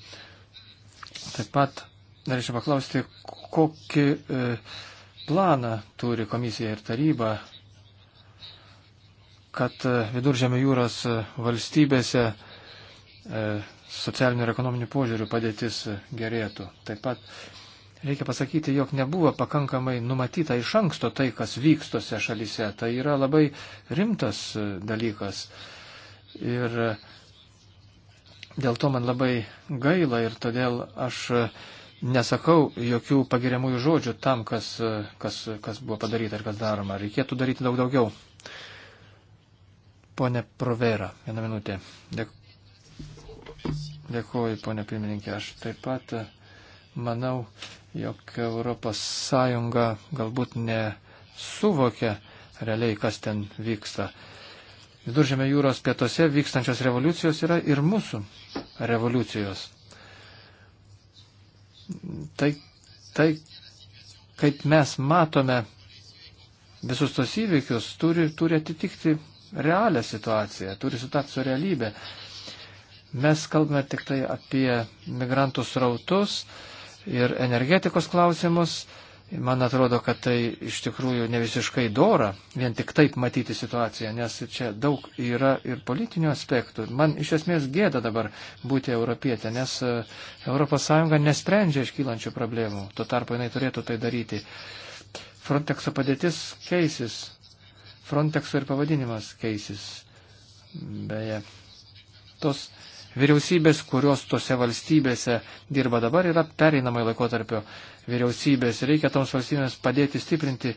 Taip pat norėčiau paklausti, kokį planą turi komisija ir taryba kad e, viduržėmio jūros e, valstybėse e, socialinių ir ekonominių požiūrių padėtis gerėtų. Taip pat reikia pasakyti, jog nebuvo pakankamai numatyta iš anksto tai, kas vykstose šalyse. Tai yra labai rimtas dalykas. Ir dėl to man labai gaila ir todėl aš nesakau jokių pagiriamųjų žodžių tam, kas, kas, kas buvo padaryta ir kas daroma. Reikėtų daryti daug daugiau. Pone Provera, vieną minutę. Dėk... Dėkuoju, ponė pirmininkė. Aš taip pat e, manau, jog Europos Sąjunga galbūt nesuvokia realiai, kas ten vyksta. Viduržėme jūros pietose vykstančios revoliucijos yra ir mūsų revoliucijos. Tai, tai kaip mes matome visus tos įvykius, turi, turi atitikti realią situaciją, turi sutapti su realybė. Mes kalbame tik tai apie migrantų srautus ir energetikos klausimus. Man atrodo, kad tai iš tikrųjų ne visiškai dora, vien tik taip matyti situaciją, nes čia daug yra ir politinių aspektų. Man iš esmės gėda dabar būti europietė, nes ES nesprendžia iškylančių problemų, tuo tarpu jinai turėtų tai daryti. Frontexo padėtis keisis Frontexo ir pavadinimas keisis. Beje, tos vyriausybės, kurios tose valstybėse dirba dabar, yra pereinamai laikotarpio vyriausybės. Reikia toms valstybėms padėti stiprinti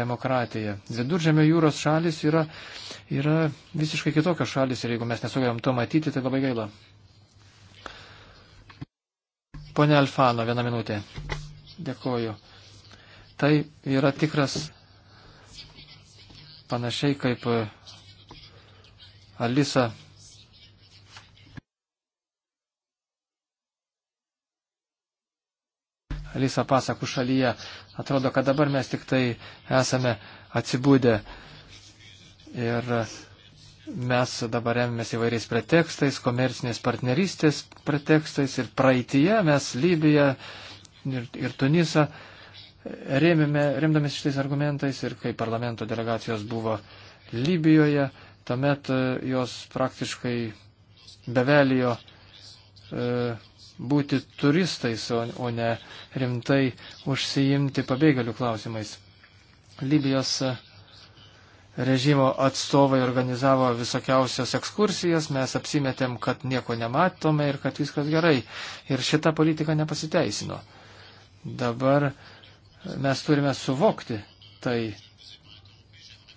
demokratiją. Viduržėmio jūros šalis yra, yra visiškai kitokios šalis ir jeigu mes nesugebėm to matyti, tai labai gaila. Pone Alfano, vieną minutę. Dėkoju. Tai yra tikras panašiai kaip e, Alisa. Alisa pasakų šalyje. Atrodo, kad dabar mes tik tai esame atsibūdę. Ir e, mes dabar remiamės įvairiais pretekstais, komercinės partnerystės pretekstais ir praeitie mes Libiją ir, ir Tunisą rėmėme, remdamės šitais argumentais ir kai parlamento delegacijos buvo Libijoje, tuomet e, jos praktiškai bevelijo e, būti turistais, o, o ne rimtai užsiimti pabėgėlių klausimais. Libijos e, režimo atstovai organizavo visokiausias ekskursijas, mes apsimetėm, kad nieko nematome ir kad viskas gerai. Ir šita politika nepasiteisino. Dabar Mes turime suvokti tai.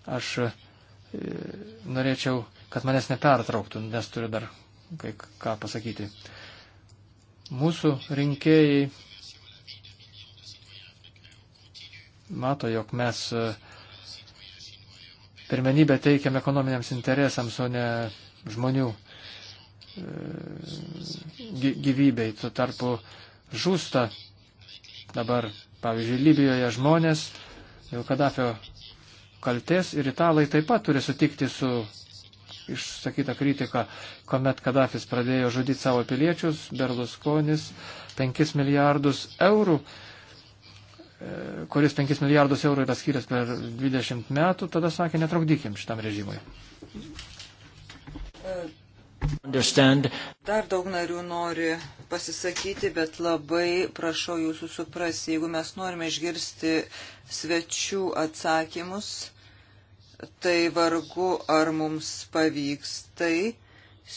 Aš e, norėčiau, kad manęs nepertrauktų, nes turiu dar kai ką pasakyti. Mūsų rinkėjai mato, jog mes e, pirmenybę teikiam ekonominiams interesams, o ne žmonių e, gyvybei. Tuo tarpu žūsta dabar Pavyzdžiui, Libijoje žmonės dėl Kadafio kalties ir italai taip pat turi sutikti su išsakyta kritika, kuomet Kadafis pradėjo žudyti savo piliečius, Berlusconis 5 milijardus eurų e, kuris 5 milijardus eurų yra skyręs per 20 metų, tada sakė, netraukdykim šitam režimui. E, Understand. Dar daug narių nori pasisakyti, bet labai prašau jūsų suprasti, jeigu mes norime išgirsti svečių atsakymus, tai vargu ar mums pavyks. Tai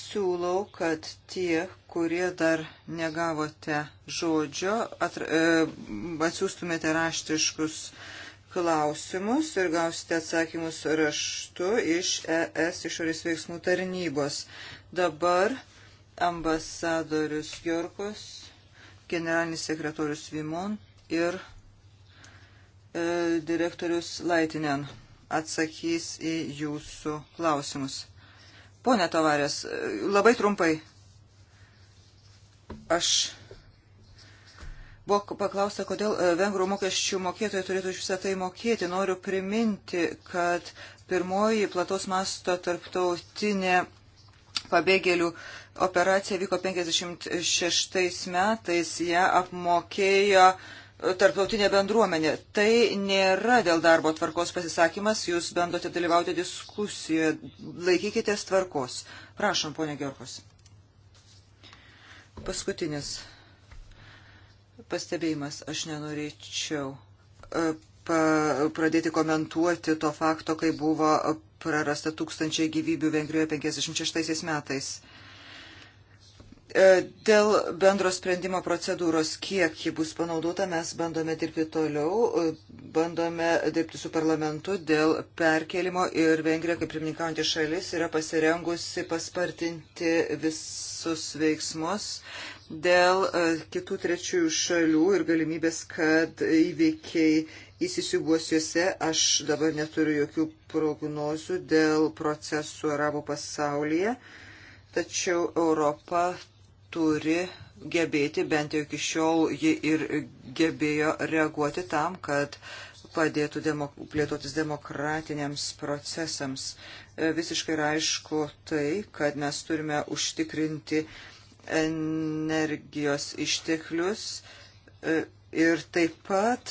siūlau, kad tie, kurie dar negavote žodžio, atra, e, atsiųstumėte raštiškus klausimus ir gausite atsakymus raštu iš ES išorės veiksmų tarnybos. Dabar ambasadorius Jorkos, generalinis sekretorius Vimon ir e, direktorius Laitinen atsakys į jūsų klausimus. Pone Tavarės, e, labai trumpai. Aš Buvo paklausta, kodėl e, vengrų mokesčių mokėtojai turėtų iš visą tai mokėti. Noriu priminti, kad pirmoji platos masto tarptautinė pabėgėlių operacija vyko 56 metais, ją apmokėjo tarptautinė bendruomenė. Tai nėra dėl darbo tvarkos pasisakymas, jūs bandote dalyvauti diskusijoje. Laikykitės tvarkos. Prašom, ponė Georgos. Paskutinis pastebėjimas. Aš nenorėčiau e, pradėti komentuoti to fakto, kai buvo prarasta tūkstančiai gyvybių Vengrijoje 56 metais. E, dėl bendro sprendimo procedūros, kiek ji bus panaudota, mes bandome dirbti toliau, e, bandome dirbti su parlamentu dėl perkelimo ir Vengrija, kaip pirmininkaujantė šalis, yra pasirengusi paspartinti visus veiksmus dėl e, kitų trečiųjų šalių ir galimybės, kad įveikiai įsisiubuos juose. Aš dabar neturiu jokių prognozių dėl procesų arabų pasaulyje, tačiau Europa turi gebėti, bent jau iki šiol ji ir gebėjo reaguoti tam, kad padėtų demok plėtotis demokratiniams procesams. E, visiškai yra aišku tai, kad mes turime užtikrinti uh, energijos išteklius e, ir taip pat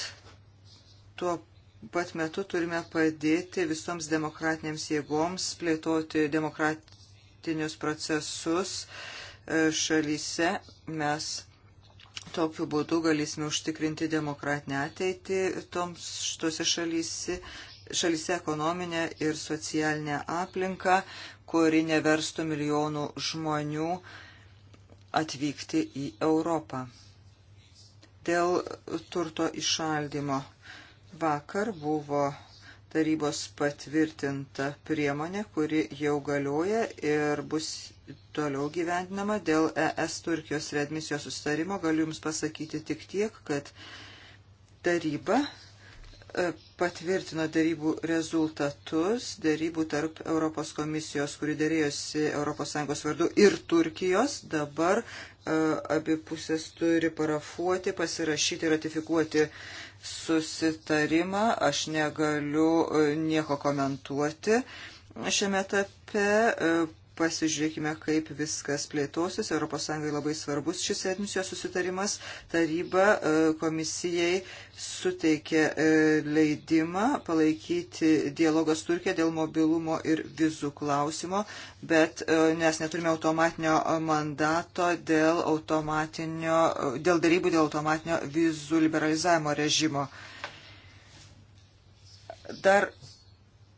tuo pat metu turime padėti visoms demokratinėms jėgoms plėtoti demokratinius procesus e, šalyse. Mes tokiu būdu galėsime užtikrinti demokratinę ateitį toms šitose šalyse, šalyse ekonominę ir socialinę aplinką, kuri neverstų milijonų žmonių uh, atvykti į Europą. Dėl turto išaldymo vakar buvo tarybos patvirtinta priemonė, kuri jau galioja ir bus toliau gyvendinama. Dėl ES Turkijos readmisijos sustarimo galiu Jums pasakyti tik tiek, kad taryba E, patvirtino darybų rezultatus, darybų tarp Europos komisijos, kuri dėrėjosi ES vardu ir Turkijos. Dabar e, abi pusės turi parafuoti, pasirašyti, ratifikuoti susitarimą. Aš negaliu e, nieko komentuoti šiame etape pasižiūrėkime, kaip viskas plėtosis. ES labai svarbus šis admisijos susitarimas. Taryba e, komisijai suteikė e, leidimą palaikyti dialogas Turkija dėl mobilumo ir vizų klausimo, bet e, nes neturime automatinio mandato dėl, automatinio, dėl darybų dėl automatinio vizų liberalizavimo režimo. Dar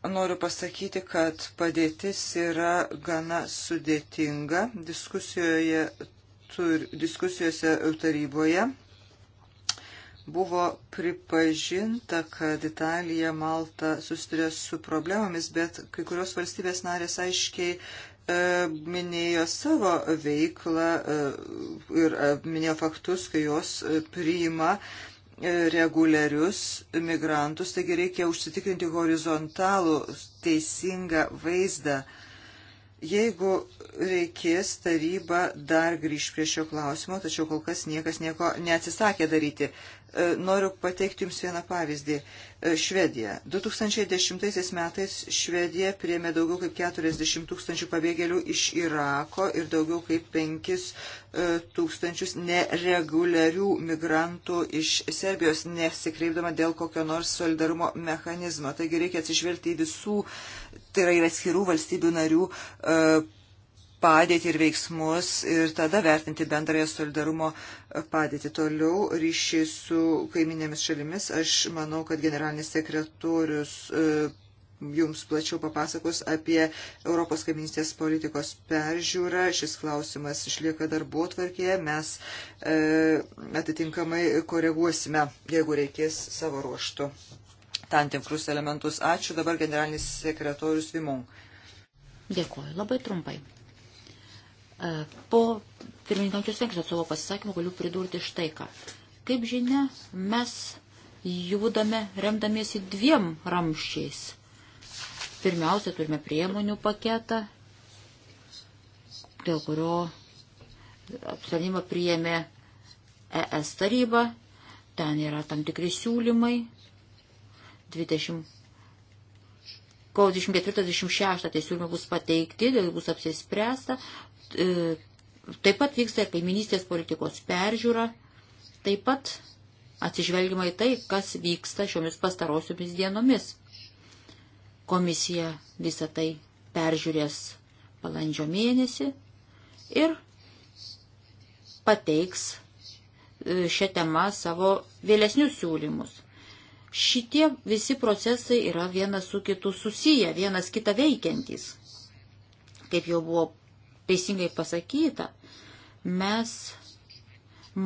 noriu pasakyti, kad padėtis yra gana sudėtinga diskusijoje, tur, diskusijose taryboje. Buvo pripažinta, kad Italija, Malta susiduria su problemomis, bet kai kurios valstybės narės aiškiai e, minėjo savo veiklą e, ir e, minėjo faktus, kai jos priima reguliarius migrantus, taigi reikia užsitikrinti horizontalų teisingą vaizdą. Jeigu reikės, taryba dar grįž prie šio klausimo, tačiau kol kas niekas nieko neatsisakė daryti. E, noriu pateikti Jums vieną pavyzdį. E, Švedija. 2010 metais Švedija priemė daugiau kaip 40 tūkstančių pabėgėlių iš Irako ir daugiau kaip 5 e, tūkstančius nereguliarių migrantų iš Serbijos, nesikreipdama dėl kokio nors solidarumo mechanizmo. Taigi reikia atsižvelgti į visų, tai yra ir atskirų valstybių narių padėtį ir veiksmus ir tada vertinti bendrąją solidarumo padėtį. Toliau ryšiai su kaiminėmis šalimis. Aš manau, kad generalinis sekretorius e, jums plačiau papasakos apie Europos kaiminystės politikos peržiūrą. Šis klausimas išlieka darbo tvarkėje. Mes e, atitinkamai koreguosime, jeigu reikės savo ruoštų. Tam tikrus elementus. Ačiū. Dabar generalinis sekretorius Vimon. Dėkuoju. Labai trumpai. E, po pirmininkančios vengrijos atsovo pasisakymų galiu pridurti štai ką. Kaip žinia, mes judame remdamiesi dviem ramščiais. Pirmiausia, turime priemonių paketą, dėl kurio apsvarnymą priėmė ES taryba. Ten yra tam tikri siūlymai. 20. Kovo 24-26 tai siūlymai bus pateikti, dėl jų bus apsispręsta. E, taip pat vyksta kaiminystės politikos peržiūra, taip pat atsižvelgiama į tai, kas vyksta šiomis pastarosiomis dienomis. Komisija visą tai peržiūrės balandžio mėnesį ir pateiks e, šią temą savo vėlesnius siūlymus. Šitie visi procesai yra vienas su kitu susiję, vienas kita veikiantys. Kaip jau buvo teisingai pasakyta, mes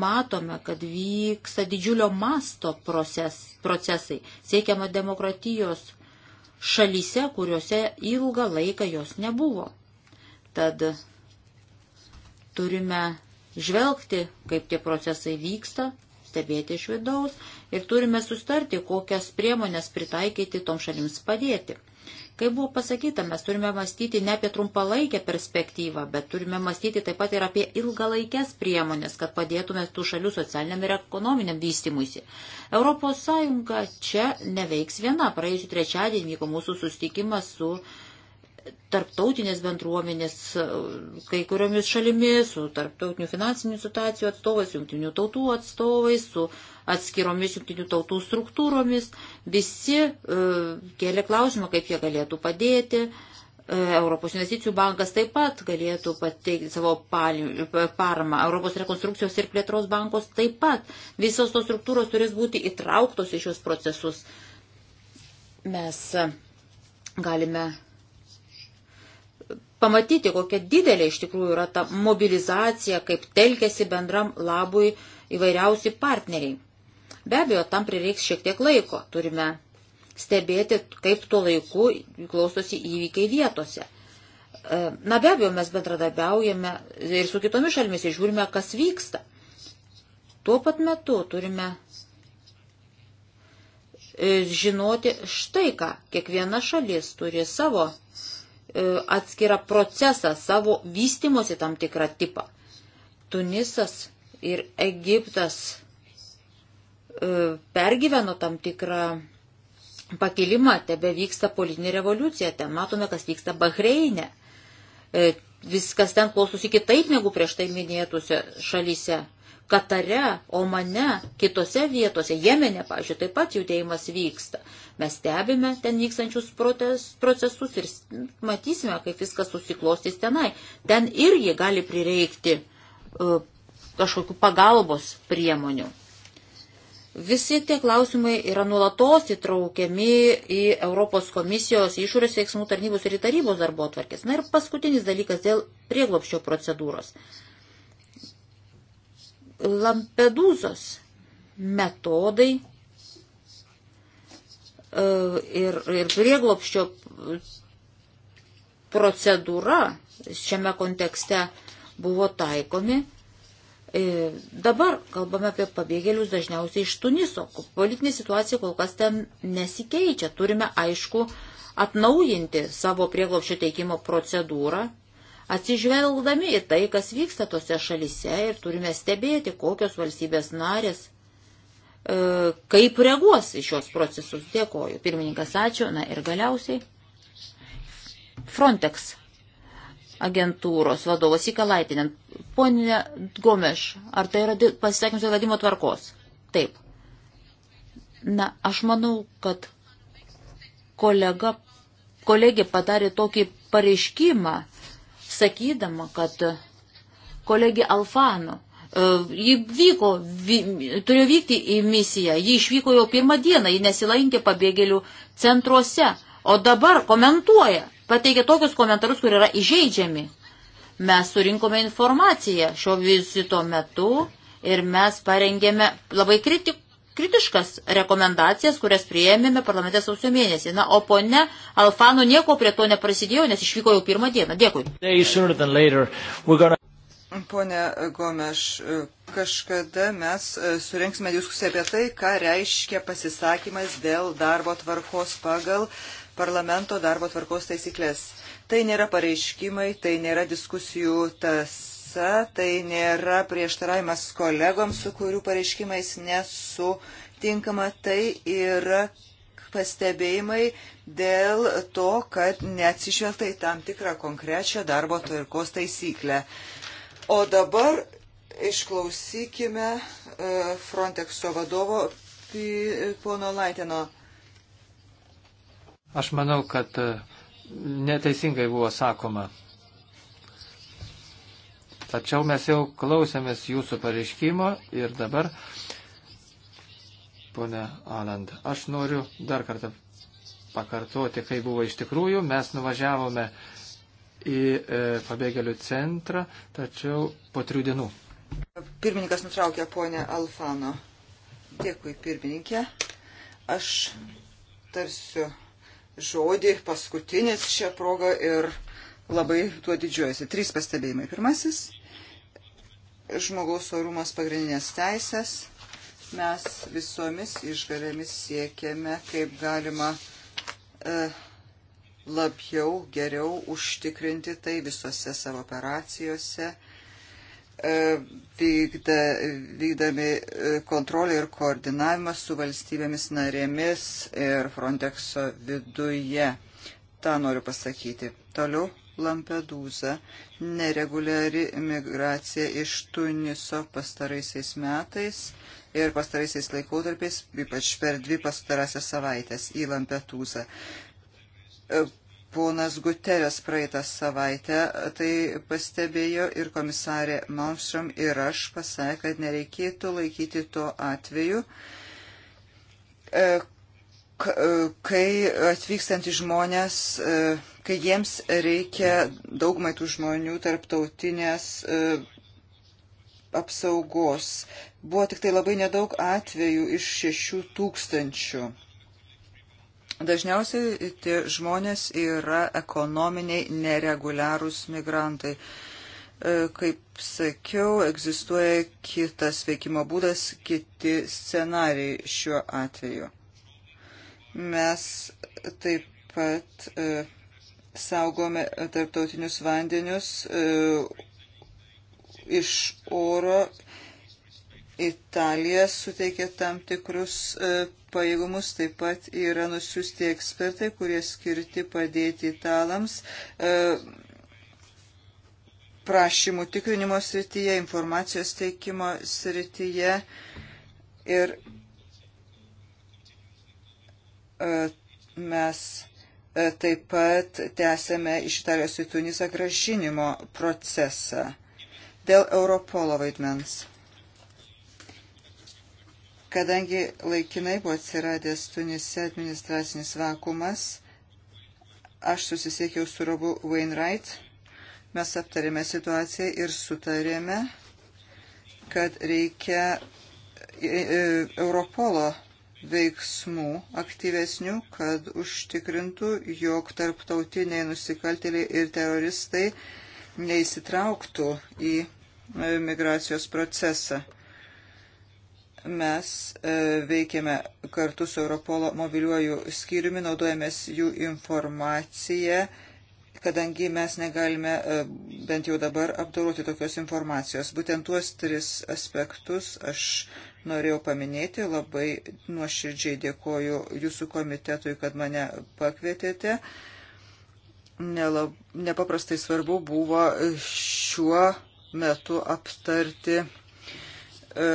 matome, kad vyksta didžiulio masto proces, procesai, siekiama demokratijos šalyse, kuriuose ilgą laiką jos nebuvo. Tad turime žvelgti, kaip tie procesai vyksta, stebėti iš vidaus ir turime sustarti, kokias priemonės pritaikyti tom šalims padėti. Kai buvo pasakyta, mes turime mąstyti ne apie trumpalaikę perspektyvą, bet turime mąstyti taip pat ir apie ilgalaikės priemonės, kad padėtume tų šalių socialiniam ir ekonominiam vystimuisi. Europos Sąjunga čia neveiks viena. Praėjusiu trečiadienį vyko mūsų sustikimas su tarptautinės bendruomenės, kai kuriomis šalimis, su tarptautinių finansinių situacijų atstovais, jungtinių tautų atstovais, su atskiromis jungtinių tautų struktūromis. Visi e, kėlė klausimą, kaip jie galėtų padėti. E, Europos investicijų bankas taip pat galėtų pateikti savo paramą. Europos rekonstrukcijos ir plėtros bankos taip pat. Visos tos struktūros turės būti įtrauktos į šios procesus. Mes e, galime pamatyti, kokia didelė iš tikrųjų yra ta mobilizacija, kaip telkėsi bendram labui įvairiausi partneriai. Be abejo, tam prireiks šiek tiek laiko. Turime stebėti, kaip tuo laiku klausosi įvykiai vietose. E, na be abejo, mes bendradarbiaujame ir su kitomis šalimis ir žiūrime, kas vyksta. Tuo pat metu turime e, žinoti štai ką. Kiekviena šalis turi savo e, atskirą procesą, savo vystimosi tam tikrą tipą. Tunisas ir Egiptas E, pergyveno tam tikrą pakilimą, tebe vyksta politinė revoliucija, ten matome, kas vyksta Bahreinė. E, viskas ten klostosi kitaip negu prieš tai minėtose šalyse. Katare, Omane, kitose vietose, Jemenė, pažiūrėjau, taip pat judėjimas vyksta. Mes stebime ten vykstančius procesus ir matysime, kaip viskas susiklostys tenai. Ten irgi gali prireikti uh, kažkokių pagalbos priemonių. Visi tie klausimai yra nuolatos įtraukiami į Europos komisijos išorės veiksmų tarnybos ir į tarybos darbo atvarkės. Na ir paskutinis dalykas dėl prieglopščio procedūros. Lampedūzos metodai e, ir, ir prieglopščio procedūra šiame kontekste buvo taikomi E, dabar kalbame apie pabėgėlius dažniausiai iš Tuniso. Politinė situacija kol kas ten nesikeičia. Turime, aišku, atnaujinti savo prieglopščio teikimo procedūrą, atsižvelgdami į tai, kas vyksta tose šalise ir turime stebėti, kokios valstybės narės, e, kaip reaguos į šios procesus. Dėkoju. Pirmininkas, ačiū. Na ir galiausiai. Frontex agentūros vadovas Ikalaitinin. Pone Gomeš, ar tai yra pasisakymas dėl vadimo tvarkos? Taip. Na, aš manau, kad kolega, kolegė padarė tokį pareiškimą, sakydama, kad kolegė Alfano, e, ji vyko, vy, turėjo vykti į misiją, ji išvyko jau pirmą dieną, ji nesilankė pabėgėlių centruose, o dabar komentuoja pateikė tokius komentarus, kur yra įžeidžiami. Mes surinkome informaciją šio vizito metu ir mes parengėme labai kritik, kritiškas rekomendacijas, kurias prieėmėme parlamente sausio mėnesį. Na, o ponia Alfano nieko prie to neprasidėjo, nes išvyko jau pirmą dieną. Dėkui. Pone Gomeš, kažkada mes e, surinksime diskusiją apie tai, ką reiškia pasisakymas dėl darbo tvarkos pagal uh, parlamento darbo tvarkos taisyklės. Tai nėra pareiškimai, tai nėra diskusijų tasa, tai nėra prieštaravimas kolegoms, su kurių pareiškimais nesutinkama, tai yra pastebėjimai dėl to, kad neatsižvelgta į tam tikrą konkrečią darbo tvarkos taisyklę. O dabar išklausykime e, Frontexo vadovo pono Laitino. Aš manau, kad e, neteisingai buvo sakoma. Tačiau mes jau klausėmės jūsų pareiškimo ir dabar, ponia Aland, aš noriu dar kartą pakartoti, kai buvo iš tikrųjų. Mes nuvažiavome į e, pabėgėlių centrą, tačiau po trijų dienų. Pirmininkas nutraukė ponę Alfano. Dėkui, pirmininkė. Aš tarsiu žodį, paskutinis šią progą ir labai tuo didžiuojasi. Trys pastebėjimai. Pirmasis - žmogaus orumas pagrindinės teisės. Mes visomis išgalėmis siekiame, kaip galima e, labiau, geriau užtikrinti tai visose savo operacijose. E, E, vykda, vykdami e, kontrolę ir koordinavimą su valstybėmis narėmis ir Frontexo viduje. Ta noriu pasakyti. Toliau Lampedūza, nereguliari migracija iš Tuniso pastaraisiais metais ir pastaraisiais laikotarpiais, ypač per dvi pastarąsias savaitės į Lampedūzą. E, ponas Guterės praeitą savaitę tai pastebėjo ir komisarė Malmström ir aš pasakė, kad nereikėtų laikyti to atveju, e, e, kai atvykstantys žmonės, e, kai jiems reikia daugumai tų žmonių tarptautinės apsaugos. Buvo tik tai labai nedaug atvejų iš šešių tūkstančių Dažniausiai tie žmonės yra ekonominiai nereguliarūs migrantai. E, kaip sakiau, egzistuoja kitas veikimo būdas, kiti scenarijai šiuo atveju. Mes taip pat e, saugome tarptautinius vandenius e, iš oro Italija suteikė tam tikrus e, pajėgumus, taip pat yra nusiųsti ekspertai, kurie skirti padėti italams e, prašymų tikrinimo srityje, informacijos teikimo srityje ir e, mes taip pat tęsėme iš Italijos į Tunisą gražinimo procesą dėl Europolo vaidmens. Kadangi laikinai buvo atsiradęs Tunise administracinis vakumas, aš susisiekiau su Robu Wainwright, mes aptarėme situaciją ir sutarėme, kad reikia e, e, Europolo veiksmų aktyvesnių, kad užtikrintų, jog tarptautiniai nusikaltėliai ir teroristai neįsitrauktų į e, migracijos procesą. Mes e, veikiame kartu su Europolo mobiliuoju skyriumi, naudojamės jų informaciją, kadangi mes negalime e, bent jau dabar apdoroti tokios informacijos. Būtent tuos tris aspektus aš norėjau paminėti. Labai nuoširdžiai dėkoju jūsų komitetui, kad mane pakvietėte nelab, nepaprastai svarbu buvo šiuo metu aptarti e,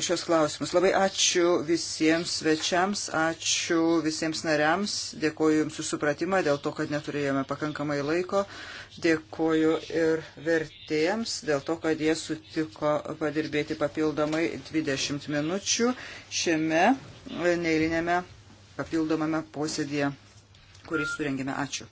šios klausimus. Labai ačiū visiems svečiams, ačiū visiems nariams, dėkoju Jums už supratimą dėl to, kad neturėjome pakankamai laiko, dėkoju ir vertėjams dėl to, kad jie sutiko padirbėti papildomai 20 minučių šiame neįlinėme papildomame posėdėje, kurį surengėme. Ačiū.